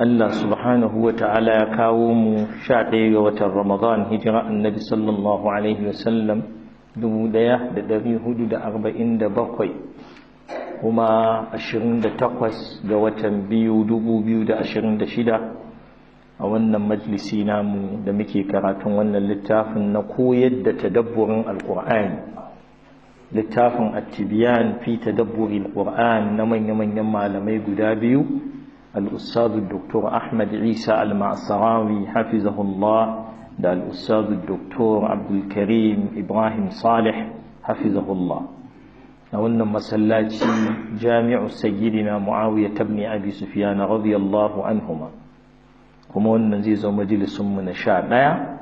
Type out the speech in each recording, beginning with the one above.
Allah subhanahu wa ta'ala ya kawo mu sha ɗaya ga watan Ramadan hijira annabi sallallahu alaihi sallam, dubu ɗaya da ɗari hudu da arba'in da bakwai kuma ashirin da takwas ga watan biyu dubu biyu da ashirin da shida a wannan majalisi namu da muke karatun wannan littafin na koyar da tadabburin alƙur'ani littafin attibiyan fi tadabburi ƙurani na manya-manyan malamai guda biyu الأستاذ الدكتور أحمد عيسى المعصراوي حفظه الله دا الأستاذ الدكتور عبد الكريم إبراهيم صالح حفظه الله نقولنا مسلاتي جامع سيدنا معاوية بن أبي سفيان رضي الله عنهما kuma wannan zai zama majalisunmu na sha ɗaya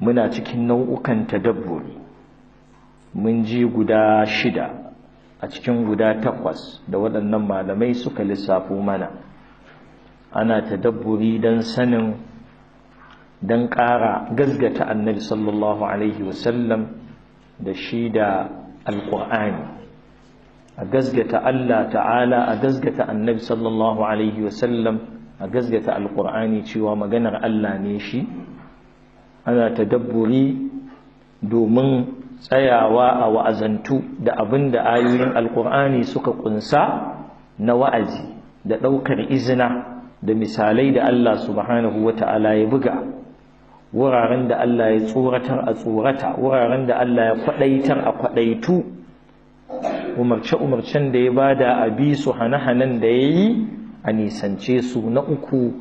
muna cikin nau'ukan tadabburi mun ji guda shida a cikin guda takwas da waɗannan malamai suka lissafo mana ana ta dabburi don sanin don ƙara gazgata annabi sallallahu alaihi wasallam da shi da alƙur'ani a gazgata Allah ta'ala a gazgata annabi sallallahu alaihi wasallam a gazgata alƙur'ani cewa maganar Allah ne shi ana ta tadabburi domin tsayawa a wa'azantu da abin da ayoyin alkur'ani suka kunsa na wa'azi da ɗaukar izina da misalai da Allah subhanahu wa ta'ala ya buga wuraren da Allah ya tsoratar a tsorata wuraren da Allah ya kwaɗaitar a kwaɗaitu umarce-umarcen da ya bada a bi su hane-hanen da ya yi a nisance su na uku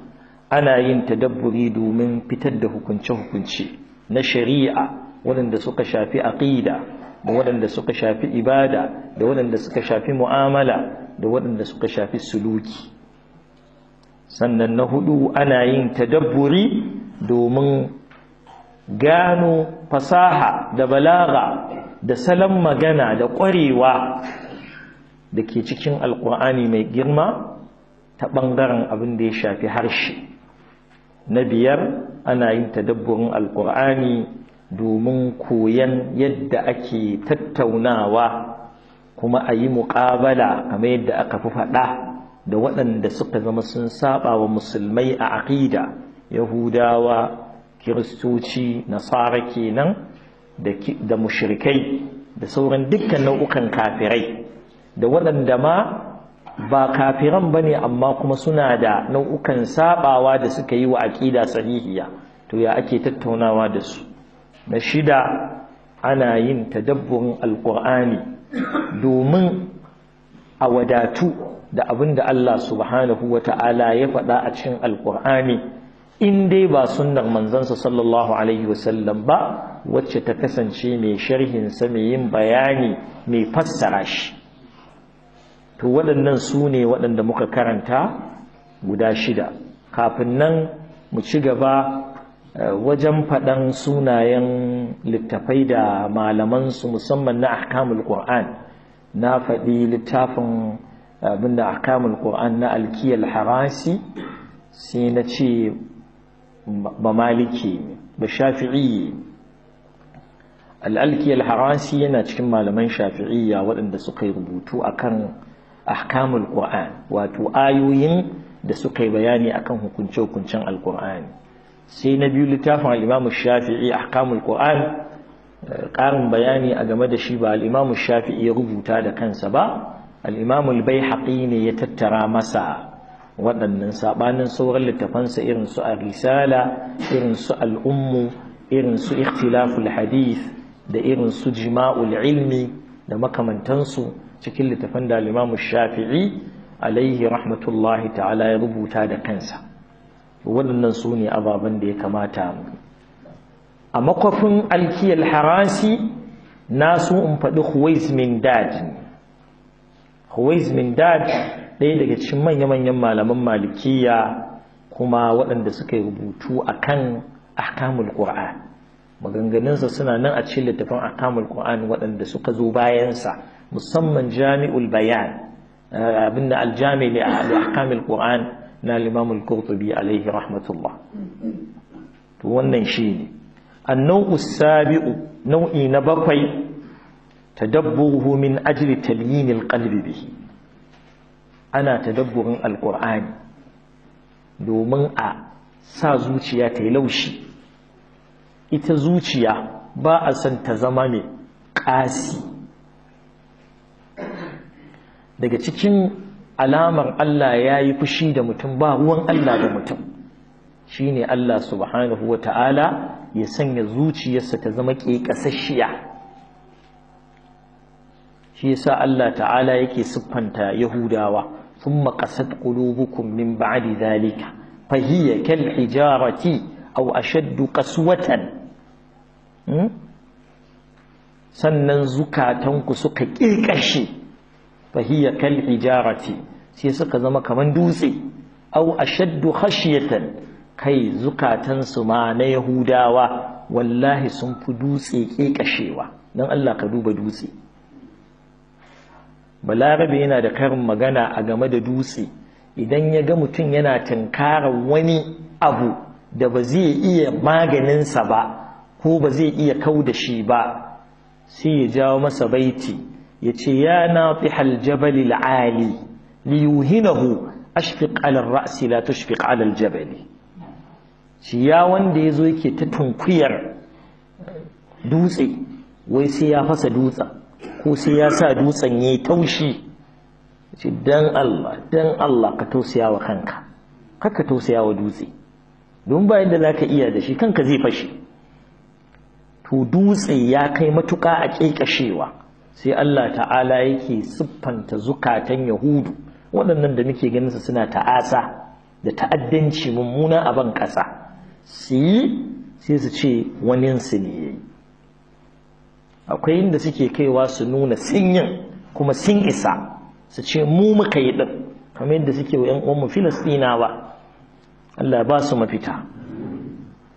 ana yin ta tadabburi domin fitar da hukunce-hukunce na shari'a waɗanda suka shafi aƙida, da waɗanda suka shafi ibada da waɗanda suka shafi mu'amala da waɗanda suka shafi suluki sannan na hudu ana yin tadabburi domin gano fasaha da balaga da salon magana da ƙwarewa da ke cikin alƙur'ani mai girma ta ɓangaren abin da ya shafi harshe na biyar ana yin tadabburin alƙur'ani domin koyan yadda ake tattaunawa kuma a yi muƙabala kamar yadda aka fi faɗa da waɗanda suka zama sun saba wa musulmai a aƙida yahudawa kiristoci nasara kenan da mushrikai da sauran dukkan nau'ukan kafirai da waɗanda ma ba kafiran ba ne amma kuma suna da nau'ukan sabawa da suka yi wa aƙida sahihiya to ya ake tattaunawa da su na shida ana yin tadabburin alƙur'ani domin a wadatu da abin da Allah subhanahu wa ta'ala ya faɗa a cikin alƙur'ani in dai ba sunnar manzansa sallallahu alaihi wasallam ba wacce ta kasance mai sharhin sa mai yin bayani mai fassara shi to waɗannan su ne waɗanda muka karanta guda shida kafin nan mu ci gaba wajen faɗan sunayen littafai da malamansu musamman na ahkamul qur'an na faɗi littafin abinda ahkamul qur'an na alkiyal harasi sai na ce ba maliki ba shafi'i al'alkiyar harasi yana cikin malaman shafi'iyya waɗanda suka yi rubutu akan ahkamul qur'an wato ayoyin da suka yi bayani akan hukunce-hukuncen alkur'ani sai na biyu littafin al Shafi'i Ahkamul Qur'an ƙarin bayani a game da shi ba alimamu Shafi'i ya rubuta da kansa ba al bai haƙi ne ya tattara masa waɗannan saɓanin sauran littafansa irin su a risala irin su al'ummu irin su Ikhtilaful Hadith da irin su Jima'ul Ilmi da makamantansu cikin littafan da al Shafi'i alaihi rahmatullahi ta'ala ya rubuta da kansa waɗannan su ne ababen da ya kamata a makwafin alkiyar harasi na in faɗi huwais dad huwais dad ɗaya daga cikin manya-manyan malaman malikiya kuma waɗanda suka yi rubutu a kan akamul ƙura maganganunsa suna nan a cikin littafin akamul ƙura waɗanda suka zo bayansa musamman jami'ul bayan eh, abinda aljami ne a akamul ƙura na limamul kurtubi alaihi rahmatullah to wannan shine annau sabi'u nau'i na bakwai tadabburuhu min ajli talyinil qalbi bihi ana tadabburin alqur'ani domin a sa zuciya ta yi laushi ita zuciya ba a son ta zama mai ƙasi daga cikin alamar Allah ya yi fushi da mutum ba ruwan Allah da mutum shi ne Allah subhanahu wa ta'ala ya sanya zuciyarsa ta zama ƙeƙasasshiya shi yasa Allah ta'ala yake siffanta yahudawa sun maƙasar ƙulubukun min ba'adi zalika fahiyya kal hijarati au ashaddu qaswatan hmm? sannan zukatanku suka ƙirƙashe fahiyya kan ijarati sai suka zama kaman dutse au ashaddu khashyatan kai zukatan su ma na yahudawa wallahi sun fi dutse kashewa, dan Allah ka duba dutse balarabe yana da karin magana a game da dutse idan ya ga mutum yana tinkara wani abu da ba zai iya maganinsa ba ko ba zai iya kau da shi ba sai ya jawo masa baiti yace ya natihal jabal al-ali liyuhinahu ashfiq ala ar-ra's la tushfiq ala shi ya wanda yake ta tunkuyar dutse wai sai ya fasa dutsen ko sai ya sa dutsen yayi taushi ce dan Allah dan Allah ka tausaya wa kanka kaka tausaya wa dutse don ba yadda zaka iya da shi kanka zai fashe to dutse ya kai matuƙa a ƙeƙashewa sai Allah ta'ala yake siffanta zukatan yahudu waɗannan da muke ganin su suna ta'asa da ta'addanci mummuna a ban ƙasa su sai su ce waninsu ne yayi akwai inda suke kaiwa su nuna sinyin kuma sun isa su ce mu muka yi ɗin kamar yadda suke wa 'yan uwanmu ba Allah ba su mafita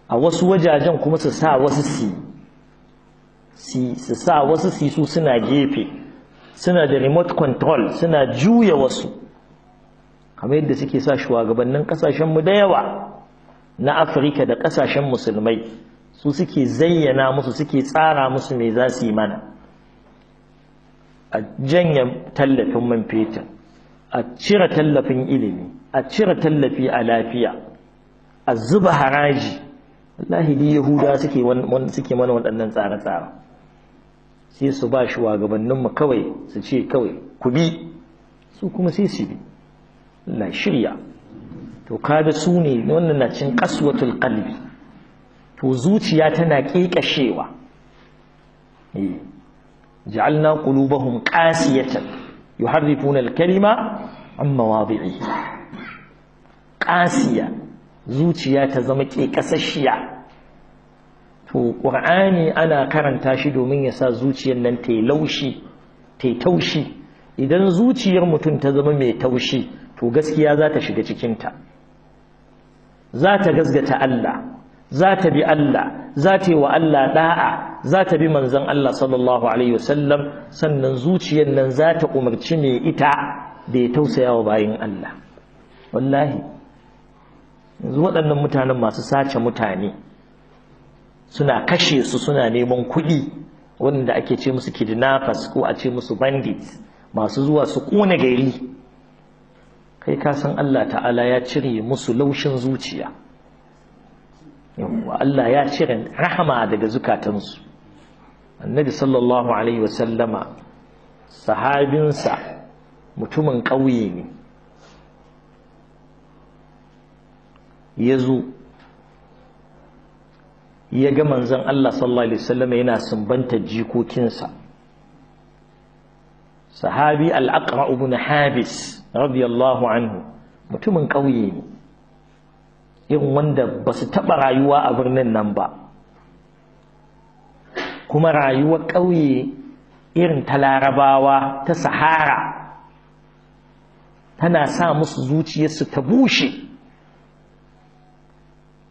a wasu wajajen kuma su sa wasu su yi su sa wasu sisu suna gefe suna da remote control suna juya wasu kamar yadda suke sa shugabannin ƙasashenmu da yawa na afirka da ƙasashen musulmai su suke zayyana musu suke tsara musu mai za su yi mana a janya tallafin man fetur a cire tallafin ilimi a cire tallafi a lafiya a zuba haraji wallahi yahuda suke mana waɗannan tsare-tsare sai su ba shi wagabanninmu kawai su ce kawai ku bi su kuma sai su bi na shirya to kada su ne wannan na cin kaswatul qalbi to zuciya tana ƙiƙashewa eh ja'alna qulubahum qasiyatan yuharrifuna al-kalima an mawadi'ihi qasiya zuciya ta zama kekasashiya to Al-Qur'ani ana karanta shi domin ya sa zuciyar nan ta yi laushi ta yi taushi idan zuciyar mutum ta zama mai taushi to gaskiya za ta shiga cikinta za ta gasgata Allah za ta bi Allah za ta yi wa Allah da'a za ta bi manzon Allah sallallahu alaihi wasallam sannan zuciyar nan za ta umarci mai ita da ya tausaya wa bayin Allah wallahi yanzu waɗannan mutanen masu sace mutane suna kashe su suna neman kuɗi wanda ake ce musu kidnappers ko a ce musu bandits masu zuwa su ƙuna gari kai ka san Allah ta'ala ya cire musu laushin zuciya yawwa Allah ya cire rahama daga zukatansu annabi sallallahu alaihi wasallama sahabinsa mutumin ƙauye ne ya zo ya ga manzon Allah sallallahu alaihi wasallam yana sumbanta jikokinsa sahabi al-aqra ibn habis radiyallahu anhu mutumin ƙauye ne irin wanda ba su taɓa rayuwa a birnin nan ba kuma rayuwar ƙauye irin ta larabawa ta sahara tana sa musu zuciyarsu ta bushe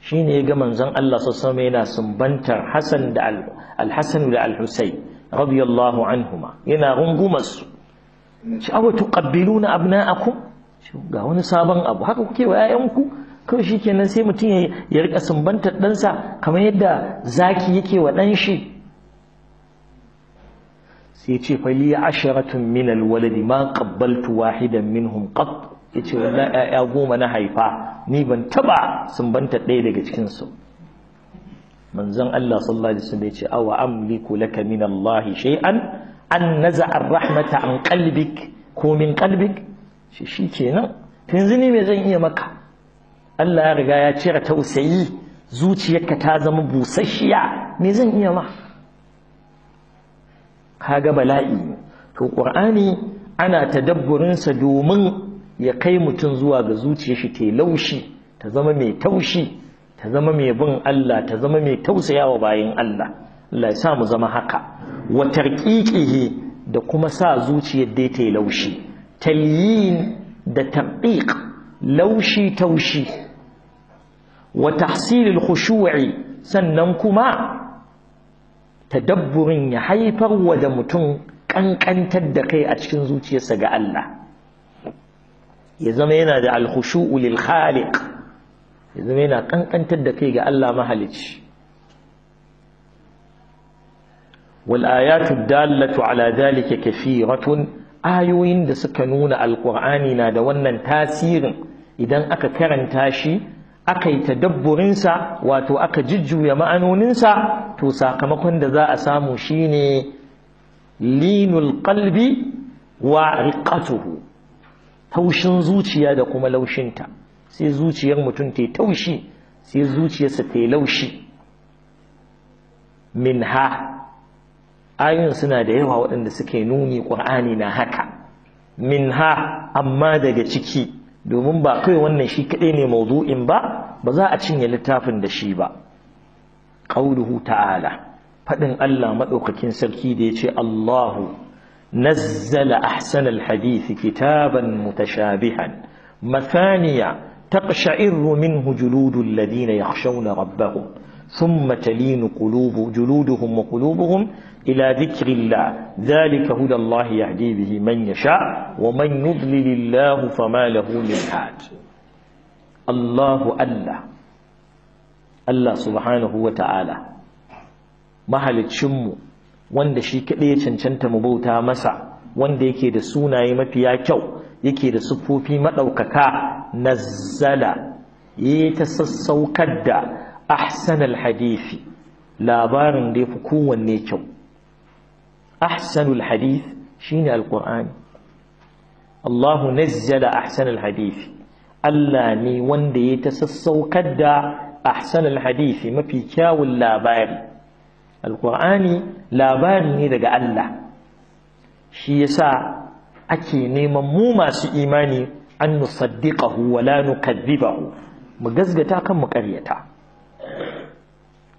shine ya ga manzon Allah sallallahu yana sumbantar Hassan da Al-Hasan da Al-Husayn radiyallahu anhuma yana rungumar su shi abu tuqabbiluna abna'akum ga wani sabon abu haka kuke wa ku? kawai shikenan sai mutum ya rika sumbantar ɗansa kamar yadda zaki yake wa ɗanshi. shi sai ce fali asharatun min alwaladi ma qabbaltu wahidan minhum qat yace wallahi ƴaƴa goma na haifa ni ban taba sumbanta ɗaya daga cikin su manzon Allah sallallahu alaihi wasallam yace awa amliku laka min Allah shay'an an naza'a ar-rahmata an qalbik ko min qalbik shi shikenan yanzu ni me zan iya maka Allah ya riga ya cire tausayi zuciyarka ta zama busasshiya me zan iya ma kaga bala'i to qur'ani ana tadabburinsa domin ya kai mutum zuwa ga zuciyar shi ta laushi ta zama mai taushi ta zama mai bin Allah ta zama mai tausayawa bayan Allah Allah ya sa mu zama haka wa tarqiqihi da kuma sa zuciyar dai ta laushi talyin da tarqiq laushi taushi wa tahsilil khushu'i sannan kuma tadabburin ya haifar wa da mutum kankantar da kai a cikin zuciyarsa ga Allah ya zama yana da alkhushu'u lil khaliq ya zama yana kankantar da kai ga Allah mahalici wal ayatu dallatu ala zalika kathiratun ayoyin da suka nuna alqur'ani na da wannan tasirin idan aka karanta shi aka yi tadabburin sa wato aka jujjuya ma'anonin sa to sakamakon da za a samu shine linul qalbi wa riqatuhu taushin zuciya da kuma laushinta sai zuciyar mutum ta taushi sai zuciyarsa ta laushi Minha, ha ayoyin suna da yawa waɗanda suke nuni ƙur'ani na haka Minha, amma daga ciki domin ba kai wannan shi kaɗai ne maudu'in ba ba za a cinye littafin da shi ba ƙauluhu ta'ala faɗin Allah maɗaukakin sarki da ya ce Allahu نزل أحسن الحديث كتابا متشابها مثانيا تقشعر منه جلود الذين يخشون ربهم ثم تلين قلوب جلودهم وقلوبهم إلى ذكر الله ذلك هدى الله يهدي به من يشاء ومن يضلل الله فما له من هاد الله الله الله سبحانه وتعالى mahaliccinmu wanda shi kaɗai ya cancanta mu bauta masa wanda yake da sunaye mafiya kyau yake da siffofi maɗaukaka nazzala ya ta sassaukar da ahsanal hadisi labarin da ya fi kowanne kyau ahsanul hadith shine alƙur'ani Allahu nazzala ahsanal hadithi Allah ne wanda ya ta sassaukar da ahsanal hadisi mafi kyawun labari alqur'ani labari ne daga Allah shi yasa ake neman mu masu imani an nusaddiqahu wa la mu gazgata kan mu ƙaryata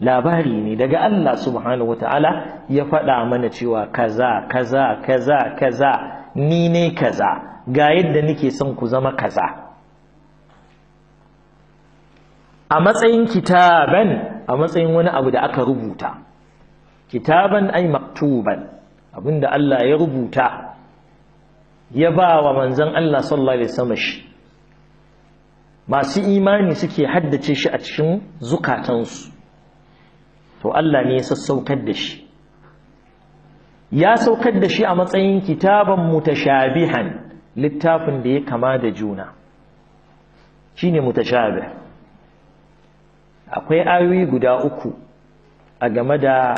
labari ne daga Allah subhanahu wataala ya faɗa mana cewa kaza kaza kaza kaza ni ne kaza ga yadda nake son ku zama kaza a matsayin kitaban a matsayin wani abu da aka rubuta kitaban ay maktuban abinda Allah ya rubuta ya ba wa manzon Allah sallallahu alaihi wasallam shi masu imani suke haddace shi a cikin zukatansu to Allah ne ya sassaukar da shi ya saukar da shi a matsayin kitaban mutashabihan littafin da ya kama da juna shine mutashabih akwai ayoyi guda uku a game da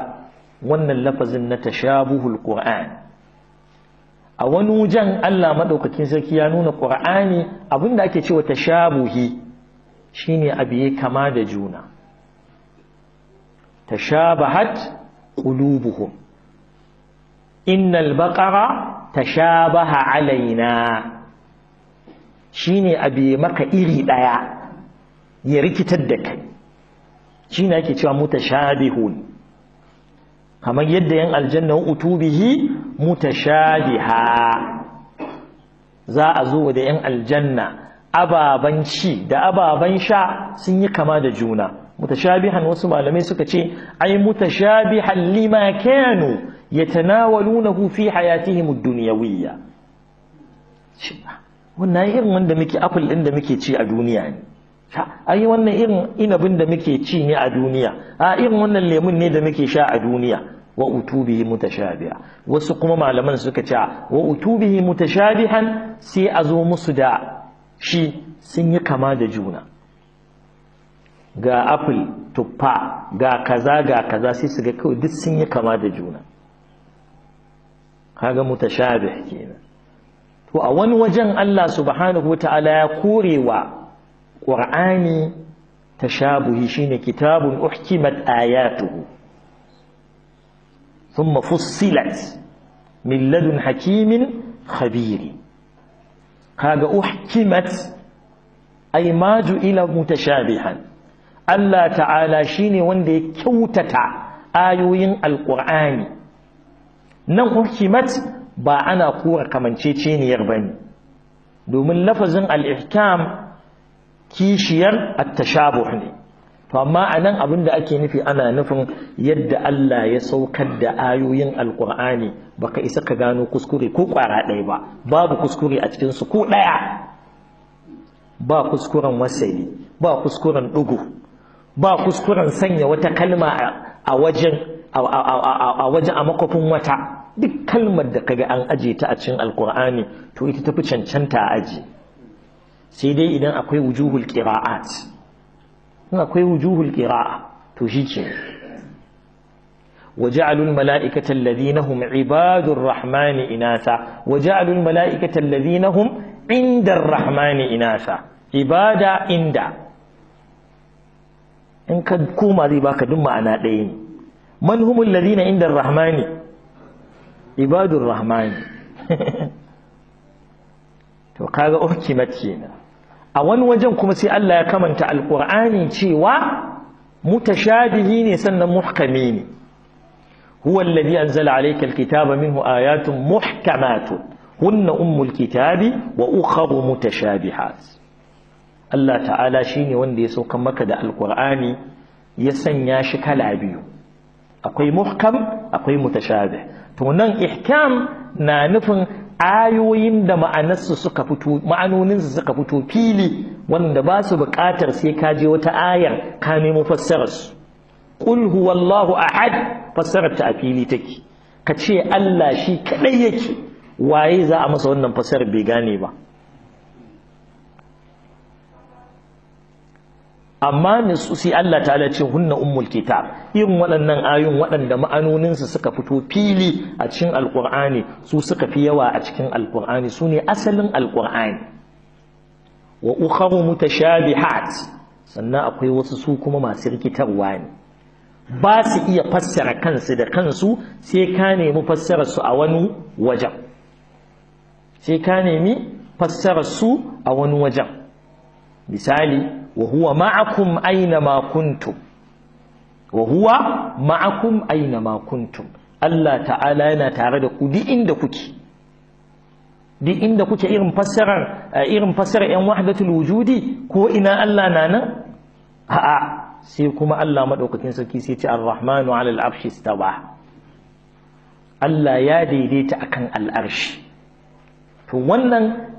wannan lafazin na tashabuhul qur'an a wani wujen Allah madaukakin sarki ya nuna qur'ani abinda ake cewa tashabuhi shine abiye kama da juna tashabahat qulubuhum innal baqara tashabaha alaina shine biye maka iri daya ya rikitar da kai shine ake cewa mutashabihun kamar yadda yan aljanna utubihi mutashabiha za a zo da yan aljanna ababan ci da ababan sha sun yi kama da juna mutashabihan wasu malamai suka ce ai mutashabihan lima kanu yatanawalunahu fi hayatihim ad-dunyawiyya wannan irin wanda muke apple din da muke ci a duniya ne a yi wannan irin inabin da muke ci ne a duniya a irin wannan lemun ne da muke sha a duniya wa utubihi mutashabiha wasu kuma malaman suka ce wa utubihi mutashabihan sai a zo musu da shi sun yi kama da juna ga apple tuffa ga kaza ga kaza sai su ga kawai duk sun yi kama da juna kaga mutashabih kenan to a wani wajen Allah subhanahu wataala ya korewa ƙur'ani tashabuhi shine kitabun uhkimat ayatuhu thumma fussilat milladun hakimin khabiri kaga uhkimat ai maju ila mutashabihan Allah ta'ala shine wanda ya kyautata ayoyin alqur'ani nan uhkimat ba ana kura kamanceceniyar bane domin lafazin al-ihkam kishiyar attashabu ne to amma anan abin da ake nufi ana nufin yadda Allah ya saukar da ayoyin alqur'ani baka isa ka gano kuskure ko kwara ɗaya ba babu kuskure a cikin su ko ɗaya ba kuskuren wasali ba kuskuren ɗugu ba kuskuren sanya wata kalma a wajen a wajen a makwafin wata duk kalmar da kaga an aje ta a cikin alkur'ani to ita tafi cancanta a aji sai dai idan akwai wujuhul qira'at in akwai wujuhul qira'a to shikenan waja'alul mala'ikata alladhina hum ibadur rahmani inasa waja'alul mala'ikata alladhina hum indar rahmani inasa ibada inda in ka koma zai baka duk ma'ana ɗaya ne man humul ladina inda rahmani ibadur to kaga uku mace na a wani wajen kuma sai Allah ya kamanta Alƙur'ani cewa mutashabihi ne sannan muhkami ne huwa alladhi anzala alayka alkitaba minhu ayatun muhkamatun hunna ummul kitabi wa ukharu mutashabihat Allah ta'ala shine wanda ya sauka maka da Alƙur'ani ya sanya shi kala biyu akwai muhkam akwai mutashabih to nan ihkam na nufin ayoyin da ma'anarsu suka fito ma'anoninsu suka fito fili wanda ba su buƙatar sai ka je wata ayar ka nemo fassararsu qul huwallahu ahad fassarar ta a fili take ka ce Allah shi kadai yake waye za a masa wannan fassarar bai gane ba amma nutsu sai Allah ta'ala ce hunna ummul kitab irin waɗannan ayoyin waɗanda ma'anoninsu suka fito fili a cikin alqur'ani su suka fi yawa a cikin alqur'ani su ne asalin alqur'ani wa ukharu mutashabihat sannan akwai wasu su kuma masu rikitarwa ne ba su iya fassara kansu da kansu sai ka nemi fassarar su a wani wajen sai ka nemi fassarar su a wani wajen misali wa huwa ma'akum aina ma kuntum wa huwa ma'akum aina ma kuntum Allah ta'ala yana tare da ku duk inda kuke duk inda kuke irin fassarar eh, irin fassarar yan wahdatul wujudi ko ina Allah na nan a'a sai kuma Allah madaukakin sarki sai ce ar-rahmanu 'alal arshi istawa Allah ya daidaita akan al'arshi to wannan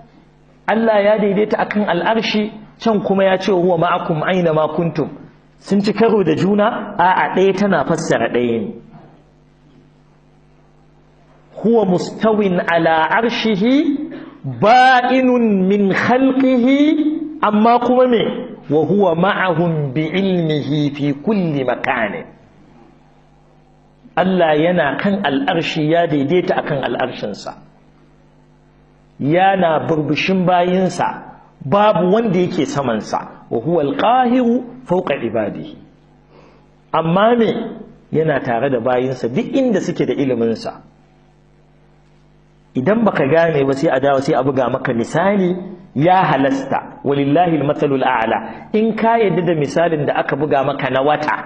Allah ya daidaita akan al'arshi can kuma ya ce huwa ma'akum aina ma kuntum sun ci karo da juna a'a ɗaya tana fassara ɗaya ne huwa mustawin ala arshihi ba'inun min khalqihi amma kuma me wa huwa ma'ahum bi ilmihi fi kulli makani Allah yana kan al'arshi ya daidaita akan al'arshinsa yana burbushin bayinsa babu wanda yake samansa wa huwa alqahiru fawqa ibadihi amma me yana tare da bayinsa duk inda suke da iliminsa idan baka gane ba sai a dawo sai a buga maka misali ya halasta walillahi almathalul a'la in ka yadda da misalin da aka buga maka na wata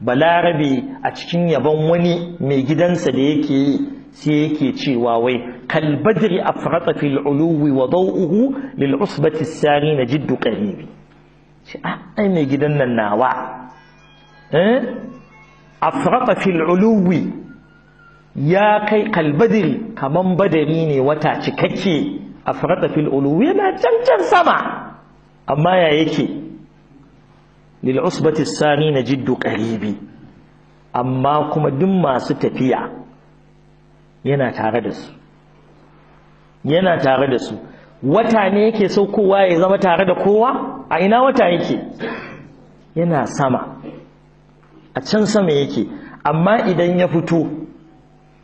balarabe a cikin yabon wani mai gidansa da yake sai yake cewa wai كالبدر أفرط في العلو وضوءه للعصبة السارين جد قريب أين جدنا الناوع أفرط في العلو يا كي كالبدر كمن بدريني وتعشككي أفرط في العلو يا جنجن سما أما يا يكي للعصبة السارين جد قريب أما كما دم ما ستفيع ينا تاردس yana tare da su wata ne yake kowa ya zama tare da kowa a ina wata yake yana sama a can sama yake amma idan ya fito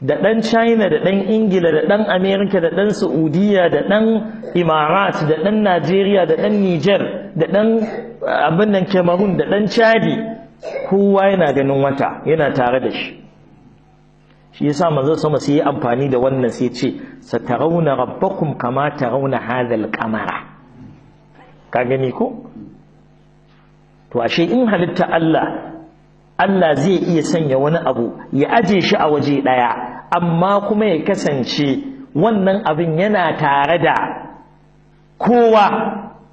da ɗan china da ɗan ingila da ɗan amerika da ɗan saudiya da ɗan imarat da ɗan najeriya da ɗan niger da ɗan abin nan cameroon da ɗan chadi kowa yana ganin wata yana tare da shi shi yasa manzon sama sai yi amfani da wannan sai ce satarawna rabbakum kama tarawna hadhal qamara ka gani ko to ashe in halitta Allah Allah zai iya sanya wani abu ya aje shi a waje daya amma kuma ya kasance wannan abin yana tare da kowa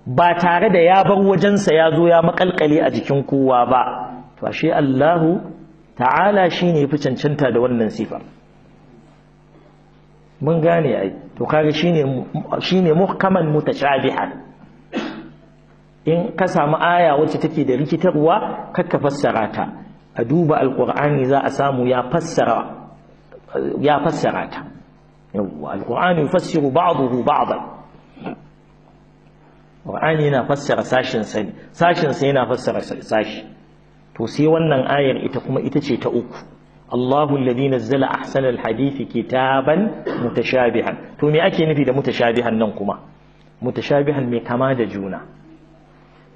ba tare da ya bar wajensa ya zo ya makalkale a jikin kowa ba to ashe Allahu ta'ala shine fi cancanta da wannan sifa mun gane ai to kaga shi ne muhkaman mutashabihan in ka samu aya wacce take da rikitarwa kakka fassara ta a duba alqur'ani za a samu ya fassara ya fassara ta yawwa alqur'ani yufassiru ba'dahu ba'dan qur'ani yana fassara sashin sai sashin sai yana fassara sashi to sai wannan ayar ita kuma ita ce ta uku Allahu alladhi nazzala ahsanal hadithi kitaban mutashabihan to me ake nufi da mutashabihan nan kuma mutashabihan mai kama da juna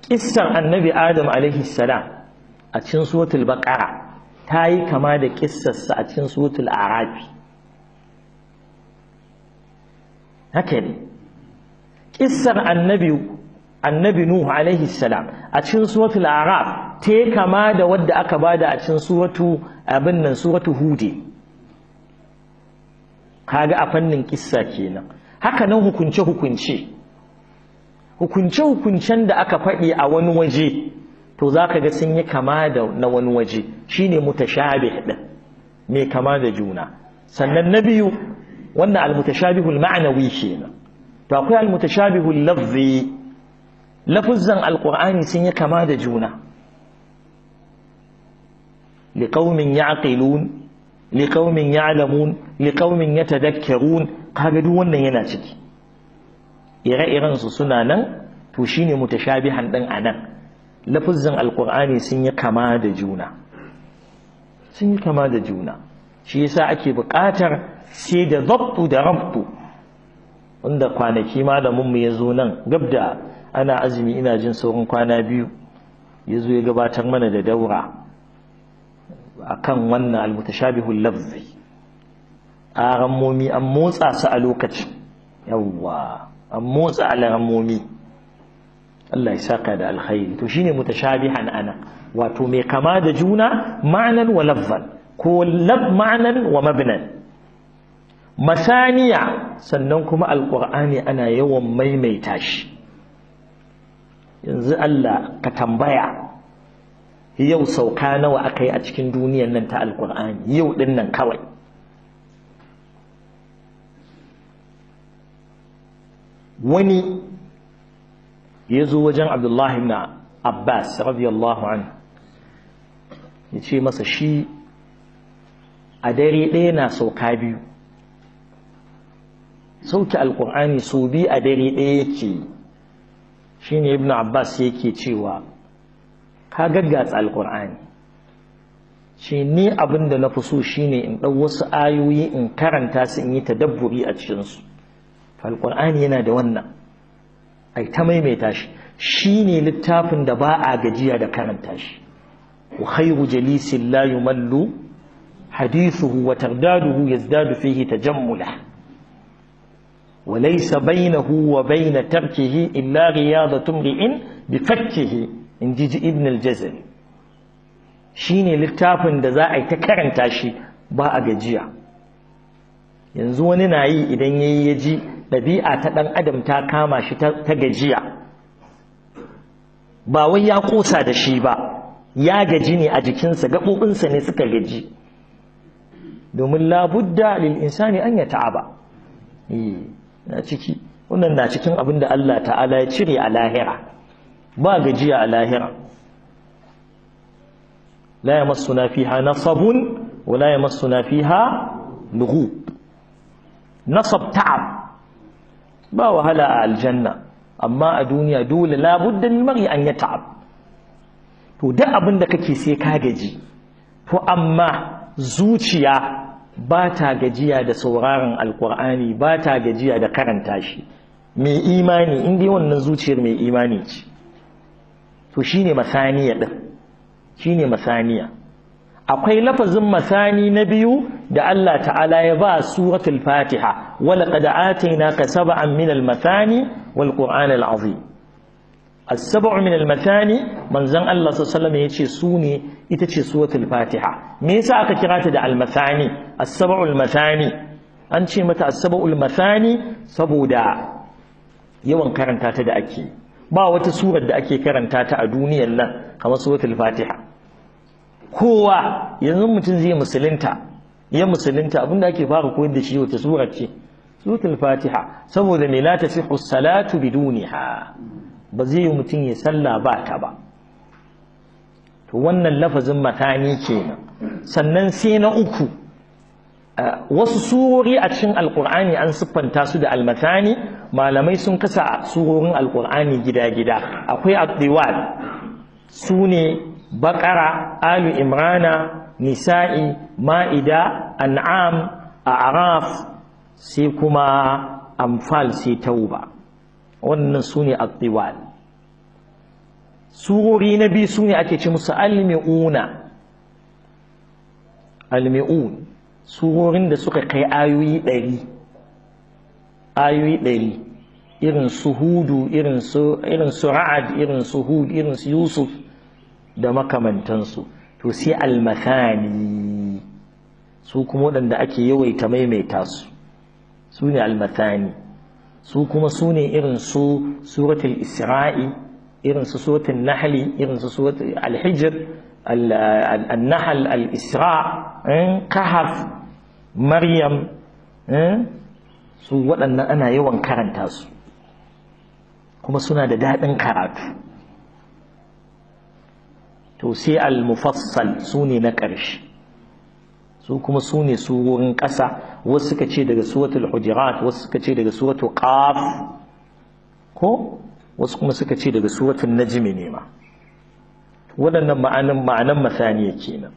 kissan annabi adam alaihi salam a cikin suratul baqara ta yi kama da kissarsa a cikin suratul arafi haka ne annabi annabi nuhu alaihi salam a cikin suratul araf te kama da wadda aka bada a cikin suratu abin nan suratu hudi kaga a fannin kissa kenan haka nan hukunce hukunce hukunce hukuncen da aka faɗi a wani waje to zaka ga sun yi kama da na wani waje shine mutashabih din me kama da juna sannan nabiyu biyu wannan almutashabihul ma'nawi kenan to akwai almutashabihun lafzi lafuzzan Alƙur'ani sun yi kama da juna liqaumin ya'qilun liqaumin ya'lamun liqaumin yatadakkarun kaga duk wannan yana ciki ire-iren su suna nan to shine mutashabihan din anan lafuzzan alqur'ani sun yi kama da juna sun yi kama da juna shi yasa ake buƙatar sai da zabtu da rabtu wanda kwanaki malamin mu ya zo nan gab ana azumi ina jin sauran kwana biyu ya zo ya gabatar mana da daura a kan wannan almutashabihul lafzi a rammomi an motsa su a lokacin yawwa an motsa a rammomi Allah ya saka da alkhairi to shine mutashabihan ana wato mai kama da juna ma'anan wa lafzan ko lab ma'anan wa mabnan masaniya sannan kuma alqur'ani ana yawan maimaita shi yanzu Allah ka tambaya yau sauka nawa aka yi a cikin duniyan nan ta alkur'ani yau din nan kawai wani ya zo wajen abdullahi na abbas radiyallahu an ya ce masa shi a dare ɗaya na sauka biyu sauke alkur'ani sau biyu a dare ɗaya yake shine ibn abbas yake cewa ka gaggatsa alkur'ani shi ni abin da na fi so shine in ɗau wasu ayoyi in karanta su in yi ta tadabburi a cikinsu alkur'ani yana da wannan ai ta maimaita shi ne littafin da ba a gajiya da karanta shi wa khairu jalisin la yumallu hadithuhu wa tardaduhu yazdadu fihi tajammula وليس بينه وبين تركه إلا رياضة امرئ بفكه إن جي ابن الجزري shine littafin da za a yi ta karanta shi ba a gajiya yanzu wani na yi idan yayi ya ji ɗabi'a ta ɗan adam ta kama shi ta gajiya ba wai ya ƙosa da shi ba ya gaji ne a jikinsa gaɓoɓinsa ne suka gaji domin labudda lil insani an ya ta'aba na ciki wannan na cikin abin da Allah ta'ala ya cire a lahira ba gajiya a lahira la yamassuna fiha nasabun wa la yamassuna fiha lughu nasab ta'ab ba wahala a aljanna amma a duniya dole labudda mari an yata'ab ta'ab to duk abin da kake sai ka gaji to amma zuciya ba ta gajiya da sauraron alkur'ani ba ta gajiya da karanta shi mai imani in dai wannan zuciyar mai imani ce to shine masaniya shi ne masaniya akwai lafazin masani na biyu da Allah ta'ala ya ba suratul fatiha wa laqad ka sab'an minal masani wal qur'anil azim as-sab'u min al-matani manzon Allah sallallahu alaihi yace su ne ita ce suratul fatiha me yasa aka kira ta da al-matani as-sab'u al an ce mata as-sab'u al saboda yawan karanta ta da ake ba wata surar da ake karanta ta a duniyar nan kamar suratul fatiha kowa yanzu mutum zai musulunta ya musulunta abinda ake fara koyar da shi wata surar ce suratul fatiha saboda me la tasihu salatu biduniha ba zai yi mutum ya sallah ba ta ba to wannan lafazin matani kenan sannan sai na uku wasu surori a cikin alkur'ani an siffanta su da almatani malamai sun kasa surorin alkur'ani gida-gida akwai abdiwal su ne bakara alu imrana nisa'i ma'ida an'am a'raf sai kuma amfal sai tauba wannan su ne abdiwal surori na biyu su ne ake ce musu almi'una almi'un surorin da suka kai ayoyi ɗari ayoyi ɗari irin su hudu irin su ra'ad irin su Hudu, irin su yusuf da makamantansu to sai almathani su kuma waɗanda ake yawaita maimaita su su ne almathani su kuma su ne irin su suratul isra'i irin su sotin nahli irin su sotin alhijir al-isra, كهف eh, Maryam, eh, su waɗannan ana yawan karanta su kuma suna da daɗin karatu to sai al-mufassal su ne na ƙarshe su kuma su ne su wurin ƙasa wasu suka ce daga suwatul hujurat wasu suka ce daga suwatul qaf ko wasu kuma suka ce daga suratul najmi ne ma waɗannan ma'anan ma'anan masaniya kenan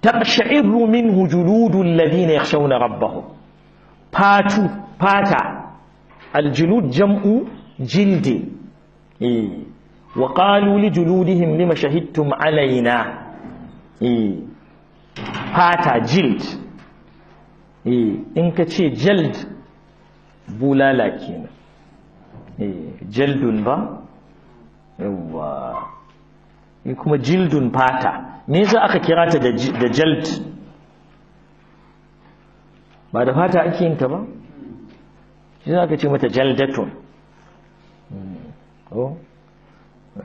tabsha'iru minhu juludul ladina yakhshawna rabbahum fatu fata aljulud jam'u jildi eh. wa qalu juludihim lima shahidtum alaina eh. fata jild eh. in ka ce jild bulala kenan Eh, jildun ba yawwa kuma jildun fata me yasa aka kira ta da jald ba da fata ake yin ta ba shi za ka ce mata jaldatun ko hmm. oh.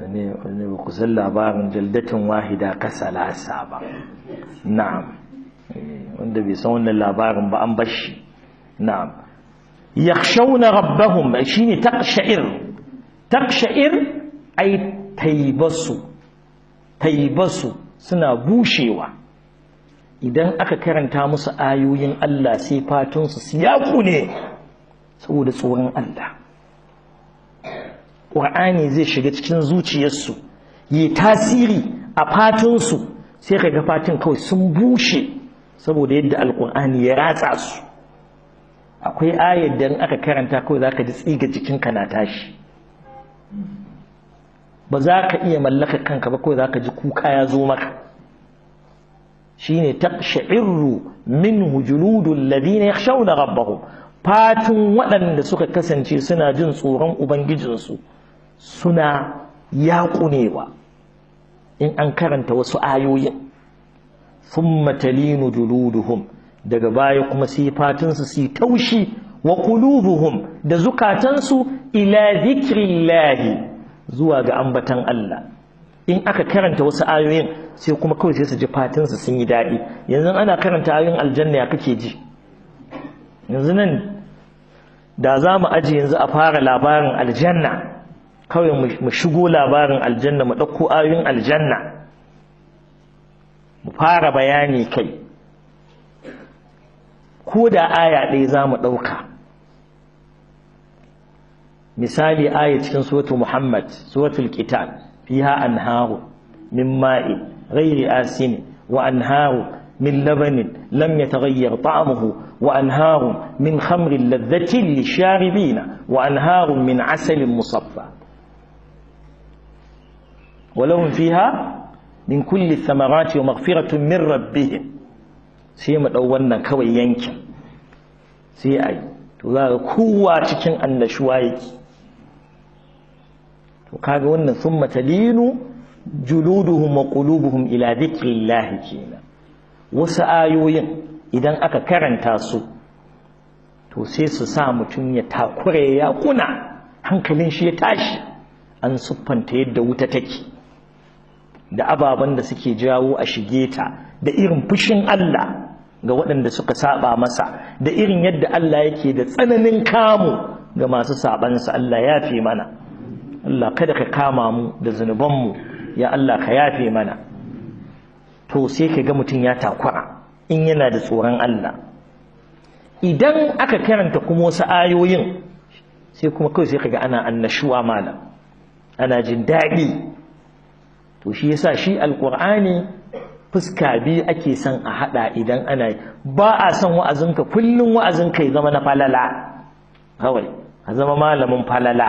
ne ba ku san labarin jaldatun wahida ka salasa ba na'am eh, wanda bai san wannan labarin ba an bar shi na'am yakhshawna rabbahum shine taqsha'ir taqsha'ir ai taibasu taibasu suna bushewa idan aka karanta musu ayoyin Allah sai fatansu su yaku ne saboda tsoron Allah ƙur'ani zai shiga cikin zuciyarsu yi tasiri a fatunsu sai ka ga fatan kawai sun bushe saboda yadda alƙur'ani ya ratsa su akwai ayar da aka karanta kawai zaka ji tsiga jikinka na tashi ba za ka iya mallaka kanka ba kawai za ka ji kuka ya zo maka Shi shine taqsha'irru minhu juludul ladina na rabbahu fatin waɗanda suka kasance suna jin tsoron ubangijinsu suna yaƙunewa in an karanta wasu ayoyin sun talinu juluduhum daga baya kuma fatinsu su taushi wa qulubuhum da zukatansu ila zikrillahi zuwa ga ambatan Allah in aka karanta wasu ayoyin sai kuma kawai sai su ji fatinsu sun yi daɗi yanzu ana karanta ayoyin aljanna ya kake ji yanzu nan da za mu aji yanzu a fara labarin aljanna kawai mu shigo labarin aljanna mu ɗauko ayoyin aljanna mu fara bayani kai koda aya ɗaya za mu ɗauka misali aya cikin suratul muhammad suratul kitab fiha anharu min ma'i ghairi asin wa anharu من لبن لم يتغير طعمه وأنهار من خمر لذة للشاربين وأنهار من عسل مصفى ولهم فيها من كل الثمرات ومغفرة من ربهم sai mu ɗau wannan kawai yankin sai a yi to za ga kowa cikin annashuwa yake to kaga wannan summa talinu juluduhum wa qulubuhum ila dhikrillahi kenan wasu ayoyin idan aka karanta su to sai su sa mutum ya takure ya kuna hankalin shi ya tashi an siffanta yadda wuta take da ababen da suke jawo a shige ta da irin fushin Allah ga waɗanda suka saba masa da irin yadda Allah yake da tsananin kamu ga masu sabansa Allah ya fi mana Allah kada ka kama mu da zunubanmu ya Allah ka yafe mana to sai ka ga mutum ya takura in yana da tsoron Allah idan aka karanta kuma wasu ayoyin sai kuma kawai sai ka ga ana annashuwa malam ana jin daɗi to shi yasa shi alƙur'ani fuska biyu ake son a haɗa idan ana ba a son wa'azinka kullum wa'azinka ya zama na falala kawai a zama malamin falala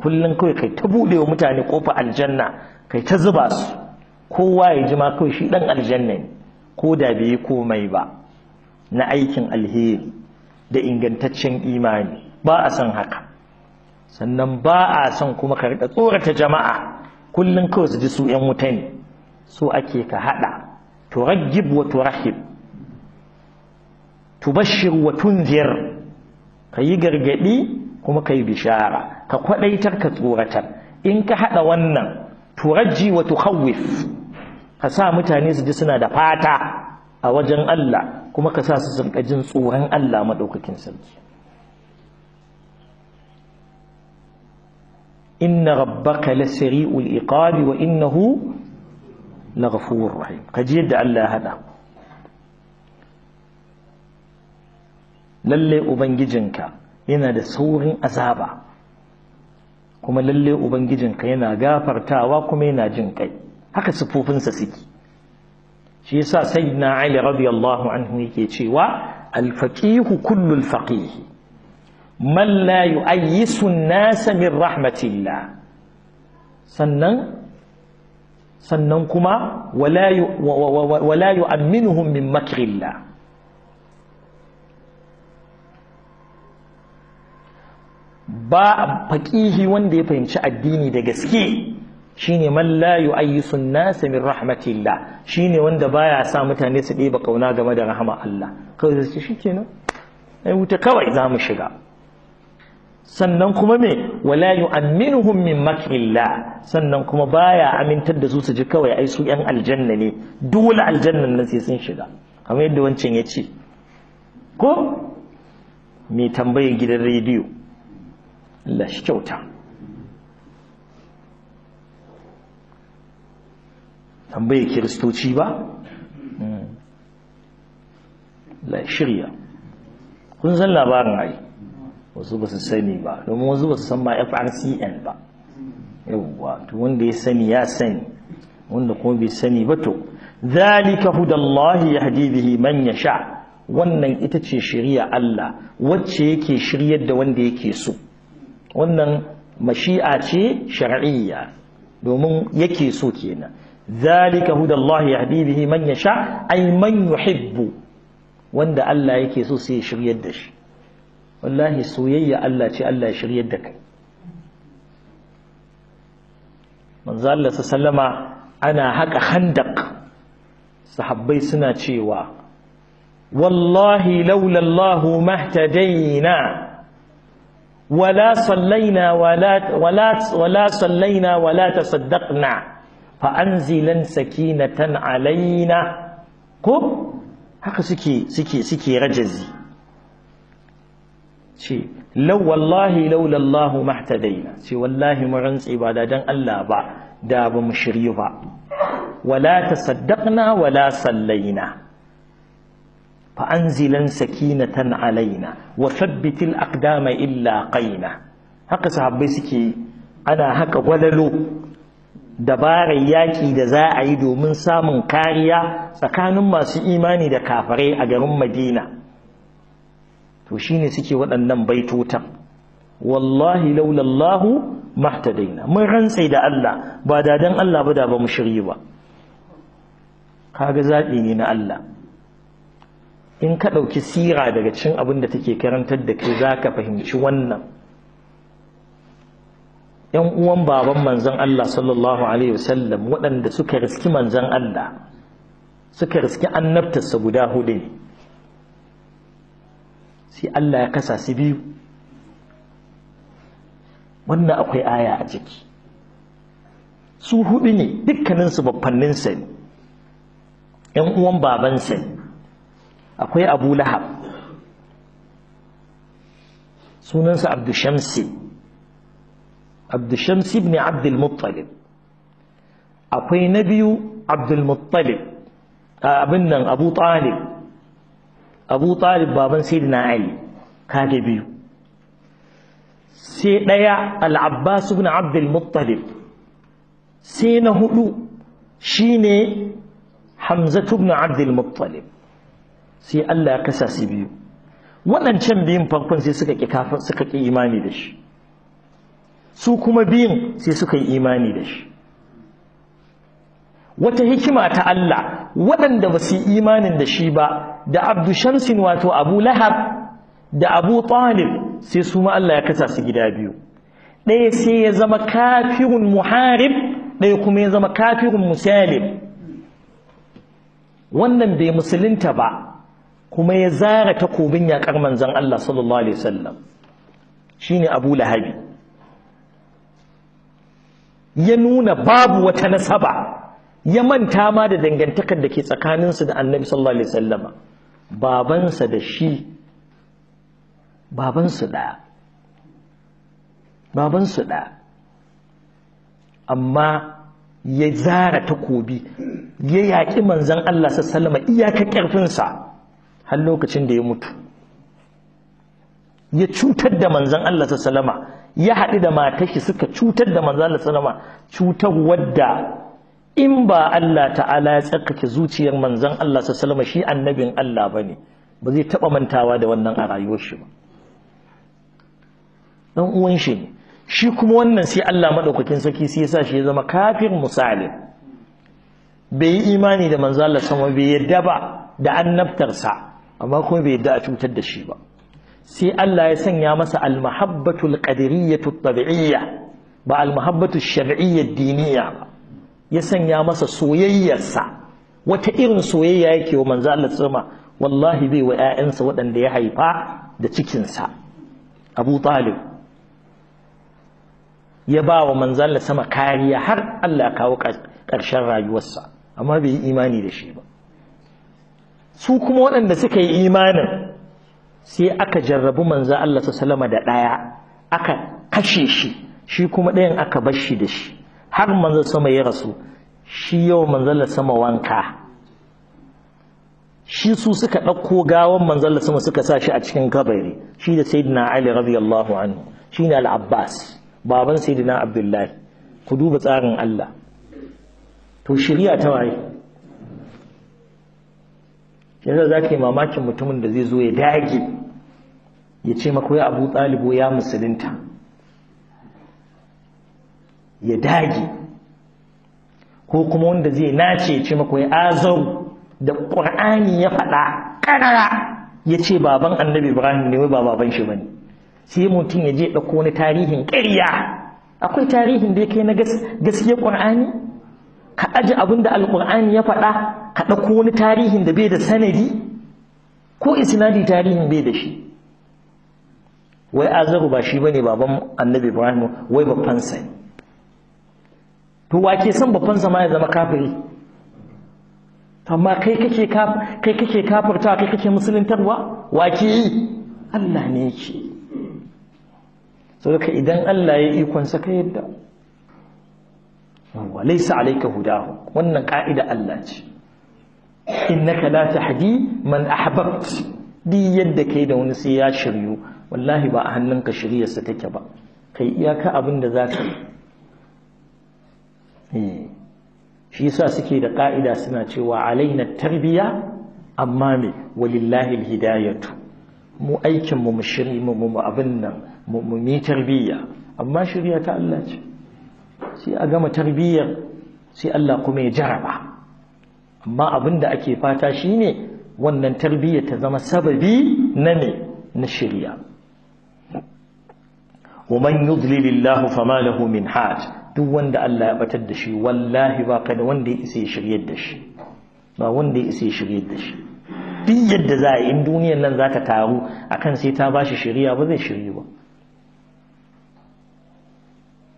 kullum kawai kai ta buɗe wa mutane kofa aljanna kai ta zuba su kowa ya ji ma kawai shi ɗan aljanna ne ko da bai yi komai ba na aikin alheri da ingantaccen imani ba a son haka sannan ba a son kuma ka tsorata jama'a kullum kawai su ji su 'yan wuta ne so ake ka haɗa turajjib wa turahib tubashshir wa tunzir kayi gargadi kuma kayi bishara ka kwaɗaitar ka tsoratar in ka haɗa wannan turajji wa tukhawif ka sa mutane su ji suna da fata a wajen Allah kuma ka sa su rinka jin tsoron Allah madaukakin sarki inna rabbaka lasri'ul iqabi wa innahu na ghafurur rahim kaji yadda Allah ya hada lalle ubangijinka yana da saurin azaba kuma lalle ubangijinka yana gafartawa kuma yana jin kai haka sifofinsa suke shi yasa sayyidina ali radiyallahu anhu yake cewa al-faqihu kullu al-faqih man la yu'ayyisu an min rahmatillah sannan sannan kuma walayu amminuhun min makirilla ba faƙihi wanda ya fahimci addini da gaske shine ne mallayu yu'ayyisu an min rahmatillah shine wanda baya sa mutane su ɗeba ƙauna game da rahama Allah kawai shi kenan ai wuta kawai mu shiga sannan kuma me wala yu'minuhum min makrillah sannan kuma baya amintar da su su ji kawai ai su yan aljanna ne dole aljannan nan sai sun shiga kamar yadda wancan ya ce ko me tambaye gidan rediyo Allah shi kyauta tambaye kiristoci ba hmm. la shirya kun san labarin ai wasu ba su sani ba domin wasu ba su san ma frcn ba yawwa to wanda ya sani ya sani wanda kuma bai sani ba to zalika hudallahi yahdi bihi man yasha wannan ita ce shari'a Allah wacce yake shiryar da wanda yake so wannan mashi'a ce shar'iyya domin yake so kenan zalika hudallahi yahdi bihi man yasha ay man yuhibbu wanda Allah yake so sai ya shiryar da shi wallahi soyayya Allah ce Allah ya shiryar da kai manzo Allah sallama ana haka handaq sahabbai suna cewa wallahi laula Allah mahtadaina wala sallaina wala wala wala sallaina wala tasaddaqna fa anzilan sakinatan alaina ko haka suke suke suke rajazi ce wallahi laula Allah mahtadaina ce wallahi mu rantsi ba da dan Allah ba da ba mu shiryu ba wala tasaddaqna wala sallaina fa anzilan sakinatan alaina wa thabbitil aqdama illa qaina haka sahabbai suke ana haka gwalalo dabarar yaƙi da za a yi domin samun kariya tsakanin masu imani da kafarai a garin madina to shine suke waɗannan baitotan wallahi laulallahu mahtadaina mun rantsai da Allah ba da dan Allah ba da ba mu shirye ba kaga zaɓi ne na Allah in ka ɗauki sira daga cikin abin da take karantar da kai zaka fahimci wannan ‘yan uwan baban manzon Allah sallallahu Alaihi wasallam waɗanda suka riski manzon Allah suka riski annabtarsa guda hudu ne sai Allah ya kasa su biyu wannan akwai aya a ciki su hudu ne dukkaninsu babbanninsa ne ‘yan uwan babansa ne akwai abu lahab sunansa abdushamsi abdushamsi ibn abdulmuttalib akwai na biyu abdulmuttalib abin nan abu talib abu talib baban sayyidina ali kage biyu sai ɗaya abbas ibn abdul muttalib sai na hudu shine Hamza ibn abdul muttalib sai Allah ya kasa su biyu waɗancan biyun farkon sai suka ki kafin suka ki imani da shi su kuma biyun sai suka yi imani da shi wata hikima ta Allah waɗanda ba su imanin da shi ba da abdu wato abu lahab da abu talib sai su Allah ya kasa su gida biyu ɗaya sai ya zama kafirun muharib ɗaya kuma ya zama kafirun musalim wannan bai musulunta ba kuma ya zara takobin yaƙar manzon Allah sallallahu alaihi wasallam shine abu lahabi ya nuna babu wata nasaba ya manta ma da dangantakar da ke tsakaninsu da annabi sallallahu alaihi wasallama babansa da shi babansu ɗaya babansu ɗaya amma ya zara takobi ya yaƙi manzan Allah sallama iyaka ƙarfinsa har lokacin da ya mutu ya cutar da manzan Allah sallama ya haɗu da matashi suka cutar da manzan Allah sallama cutar wadda in ba Allah ta'ala ya tsarkake zuciyar manzan, Allah salama shi annabin Allah bane ba zai taba mantawa da wannan a rayuwar shi ba Ɗan uwan shi ne shi kuma wannan sai Allah maɗaukakin sarki sai yasa shi ya zama kafir musali bai yi imani da manzan Allah sama bai yadda ba da annabtarsa amma kuma bai yadda a cutar da shi ba sai Allah ya sanya masa almahabbatul qadiriyyatul tabi'iyya ba almahabbatul shar'iyya diniyya ba ya sanya masa soyayyarsa wata irin soyayya yake wa manzo Allah tsoma wallahi bai wa ƴaƴansa waɗanda ya haifa da cikinsa Abu Talib ya ba wa manzo Allah sama kariya har Allah kawo ƙarshen rayuwarsa amma bai yi imani da shi ba su kuma waɗanda suka yi imanin sai aka jarrabu manzo Allah sallama da ɗaya aka kashe shi shi kuma ɗayan aka bar shi da shi har manzon sama ya rasu shi yau manzon sama wanka shi su suka ɗauko gawan manzon sama suka sa shi a cikin kabari shi da sayyidina ali radiyallahu anhu ne al-abbas baban sayyidina abdullahi ku duba tsarin Allah to shari'a ta waye yanzu za yi mamakin mutumin da zai zo ya dage ya ce maka abu ɗalibo ya musulunta ya dage ko kuma wanda zai nace ce maka ya azau da qur'ani ya fada karara ya baban annabi ibrahim ne wai ba baban shi bane sai mutum ya je dauko wani tarihin ƙarya akwai tarihin da ya kai na gaskiyar qur'ani ka aji abin da Alkur'ani ya fada ka dauko wani tarihin da bai da sanadi ko isnadi tarihin bai da shi wai azabu ba shi bane baban annabi ibrahim wai babban sani to wake san bafansa ma ya zama kafiri amma kai kake kai kake kafirta kai kake musuluntarwa wake yi Allah ne yake saboda idan Allah ya ikon sa ka yadda wa laysa alayka hudahu wannan ka'ida Allah ce innaka la tahdi man ahbabt di yadda kai da wani sai ya shiryu wallahi ba a hannunka shiryarsa take ba kai iyaka abin da za ka yi Hmm. shi yasa suke da ƙa'ida suna cewa alaina tarbiya amma me walillahi hidayatu, mu aikin mu mu shiri mu mu abin nan mu mu tarbiya amma shirya ta Allah ce sai a gama tarbiyar sai Allah kuma ya jaraba amma abin da ake fata shine wannan tarbiyya ta zama sababi na me na shirya ومن يضلل الله فما له من حاج duk wanda Allah ya batar da shi wallahi ba ka da wanda ya isa ya shiryar da shi ba wanda ya isa ya shiryar da shi duk yadda za a yi in duniyar nan za ta taru akan sai ta bashi shiriya ba zai shiryu ba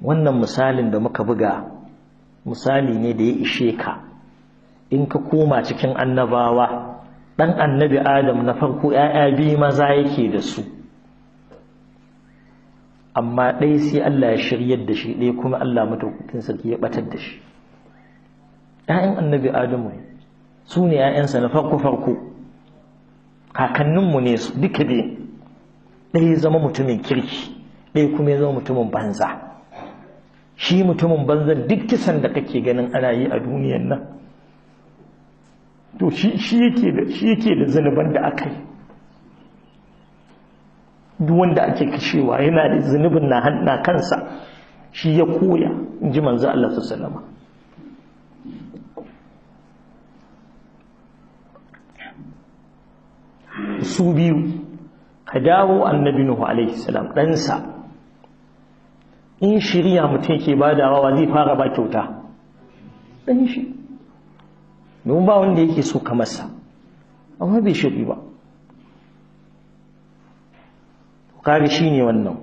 wannan misalin da muka buga misali ne da ya ishe ka in ka koma cikin annabawa ɗan annabi adam na farko ‘ya'ya biyu maza yake da su amma ɗaya sai Allah ya shiryar da shi ɗaya kuma Allah matakukin sarki ya ɓatar da shi ‘ya'yan annabi adamu ne su ne ‘ya'yansa na farko-farko kakanninmu ne su duka ne ɗaya zama mutumin kirki ɗaya kuma ya zama mutumin banza shi mutumin banza duk kisan da kake ganin ana yi a duniyan nan to shi yake da zanuban da aka yi duk wanda ake kashewa yana da zunubin na hannu kansa shi ya koya in ji manzo Allah sallama su biyu ka dawo annabi nuhu alaihi salam ɗansa in shirya mutum yake badawa wa zai fara ba kyauta ɗan shi domin ba wanda yake so kamarsa amma bai shiri ba kaga shine wannan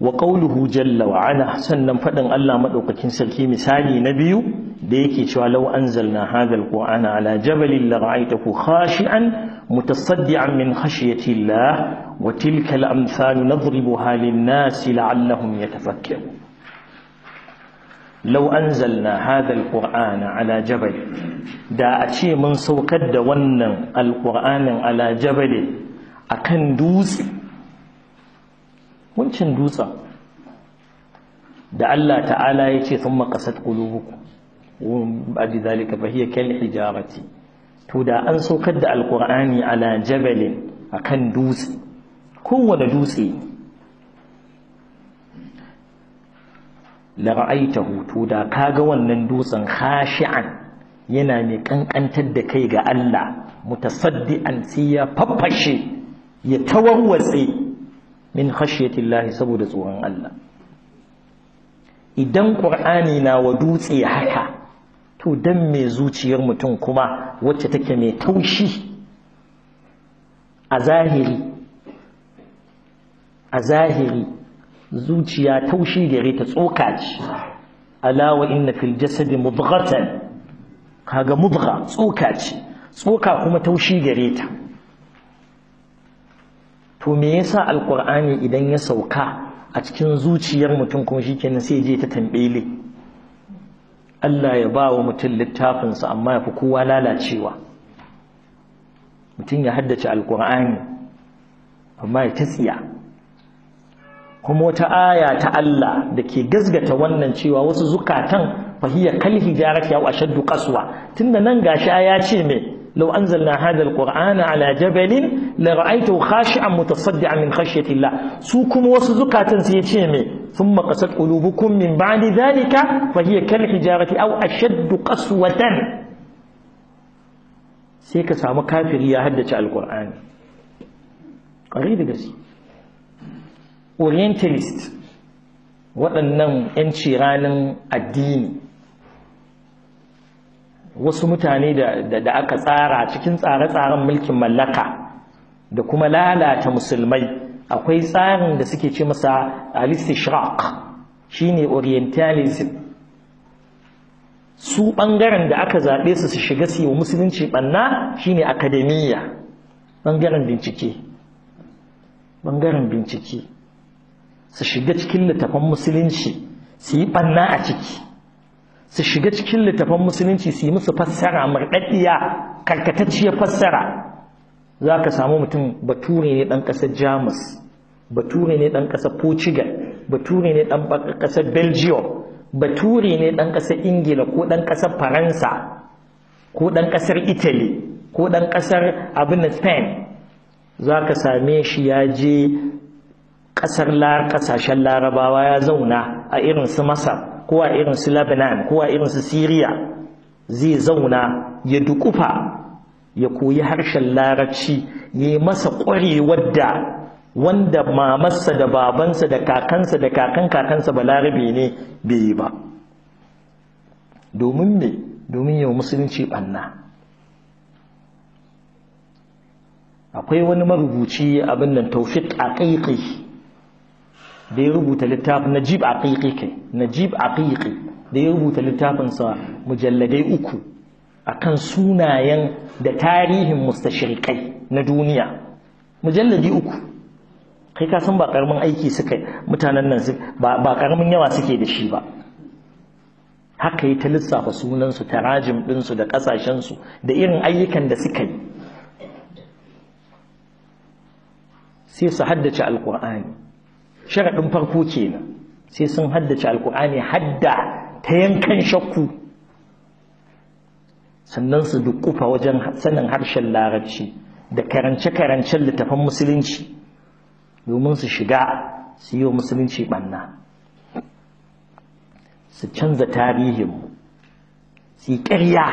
wa ƙauluhu jalla wa ala sannan faɗin Allah madaukakin sarki misali na biyu da yake cewa lau'anzal na hadha alqur'ana ala jabalin la ra'aytahu khashi'an mutasaddian min ya tilla wa tilka al-amthal nasi lin-nas la'allahum yatafakkarun law anzalna hadha alqur'ana ala jabal da a ce mun saukar da wannan alqur'anin ala jabali akan dutse wancan dutsen da Allah ta'ala ya ce sun maƙasar ƙulubuku a bi zalika fahiyya kyan hijabati to da an saukar da alƙur'ani ala jabalin a kan dutse kowane dutse lara'aita hutu da kaga wannan dutsen hashi'an yana mai ƙanƙantar da kai ga Allah mutasaddi an siya faffashe ya tawarwatse min llahi saboda tsoron Allah idan qur'ani na wa dutse haka to dan me zuciyar mutum kuma wacce take mai taushi a zahiri a zahiri zuciya taushi gare ta tsoka ce ala wa inna fil jasadi mudghatan kaga mudgha tsoka ce tsoka kuma taushi gare ta to me yasa alqur'ani idan ya sauka a cikin zuciyar mutum kuma shikenan sai je ta tambele Allah ya ba wa mutum littafinsa amma ya fi kowa lalacewa mutum ya haddace alkur'ani amma ya tsiya kuma wata aya ta Allah da ke gazgata wannan cewa wasu zukatan fahiyar kalhijarat ya ashaddu qaswa tunda nan gashi ya ce me لو أنزلنا هذا القرآن على جبل لرأيته خاشعا متصدعا من خشية الله سوكم وسزكا تنسيتيمي ثم قست قلوبكم من بعد ذلك فهي كالحجارة أو أشد قسوة سيكا سامو كافر يا هدج القرآن قريب قسي orientalist وأنهم 'yan الدين wasu mutane da aka tsara cikin tsare-tsaren mulkin mallaka da kuma lalata musulmai akwai tsarin da suke ce masa al shi shine orientalism su ɓangaren da aka zaɓe su su shiga su yi musulunci shi shine akademiya ɓangaren bincike ɓangaren bincike su shiga cikin littafan musulunci su yi ɓanna a ciki su shiga cikin littafan musulunci su yi musu fassara marɗaɗɗiya karkatacciyar fassara za ka samu mutum bature ne ɗan ƙasar jamus bature ne ɗan ƙasar portugal bature ne ɗan ƙasar belgium bature ne ɗan ƙasar ingila ko ɗan ƙasar faransa ko ɗan ƙasar italy ko ɗan ƙasar abin spain za ka same shi ya je ƙasar ƙasashen larabawa ya zauna a irin su masar kowa irin su Lebanon kowa irin su Syria zai zauna ya dukufa ya koyi harshen larabci ya masa ƙwarewar da wanda mamarsa da babansa da kakansa da kakan kakansa balarabe ne bai yi ba domin me domin yau musulunci banna akwai wani marubuci abin nan taufiq a kai-kai. da ya rubuta littafin najib aqiqi kai najib aqiqi da ya rubuta littafinsa mujalladai uku akan sunayen da tarihin mustashrikai na duniya mujalladi uku kai ka san ba karamin aiki suka mutanen nan ba karamin yawa suke da shi ba haka yi ta lissafa sunansu tarajim ɗinsu da ƙasashensu da irin ayyukan da suka yi sai su haddace alƙur'ani sharaɗin farko kenan sai sun haddace alkur'ani hadda ta yankan shakku sannan su dukkufa wajen sanin harshen larabci da karance-karancen littafan musulunci domin su shiga su yi wa musulunci ɓanna su canza tarihin su yi ƙarya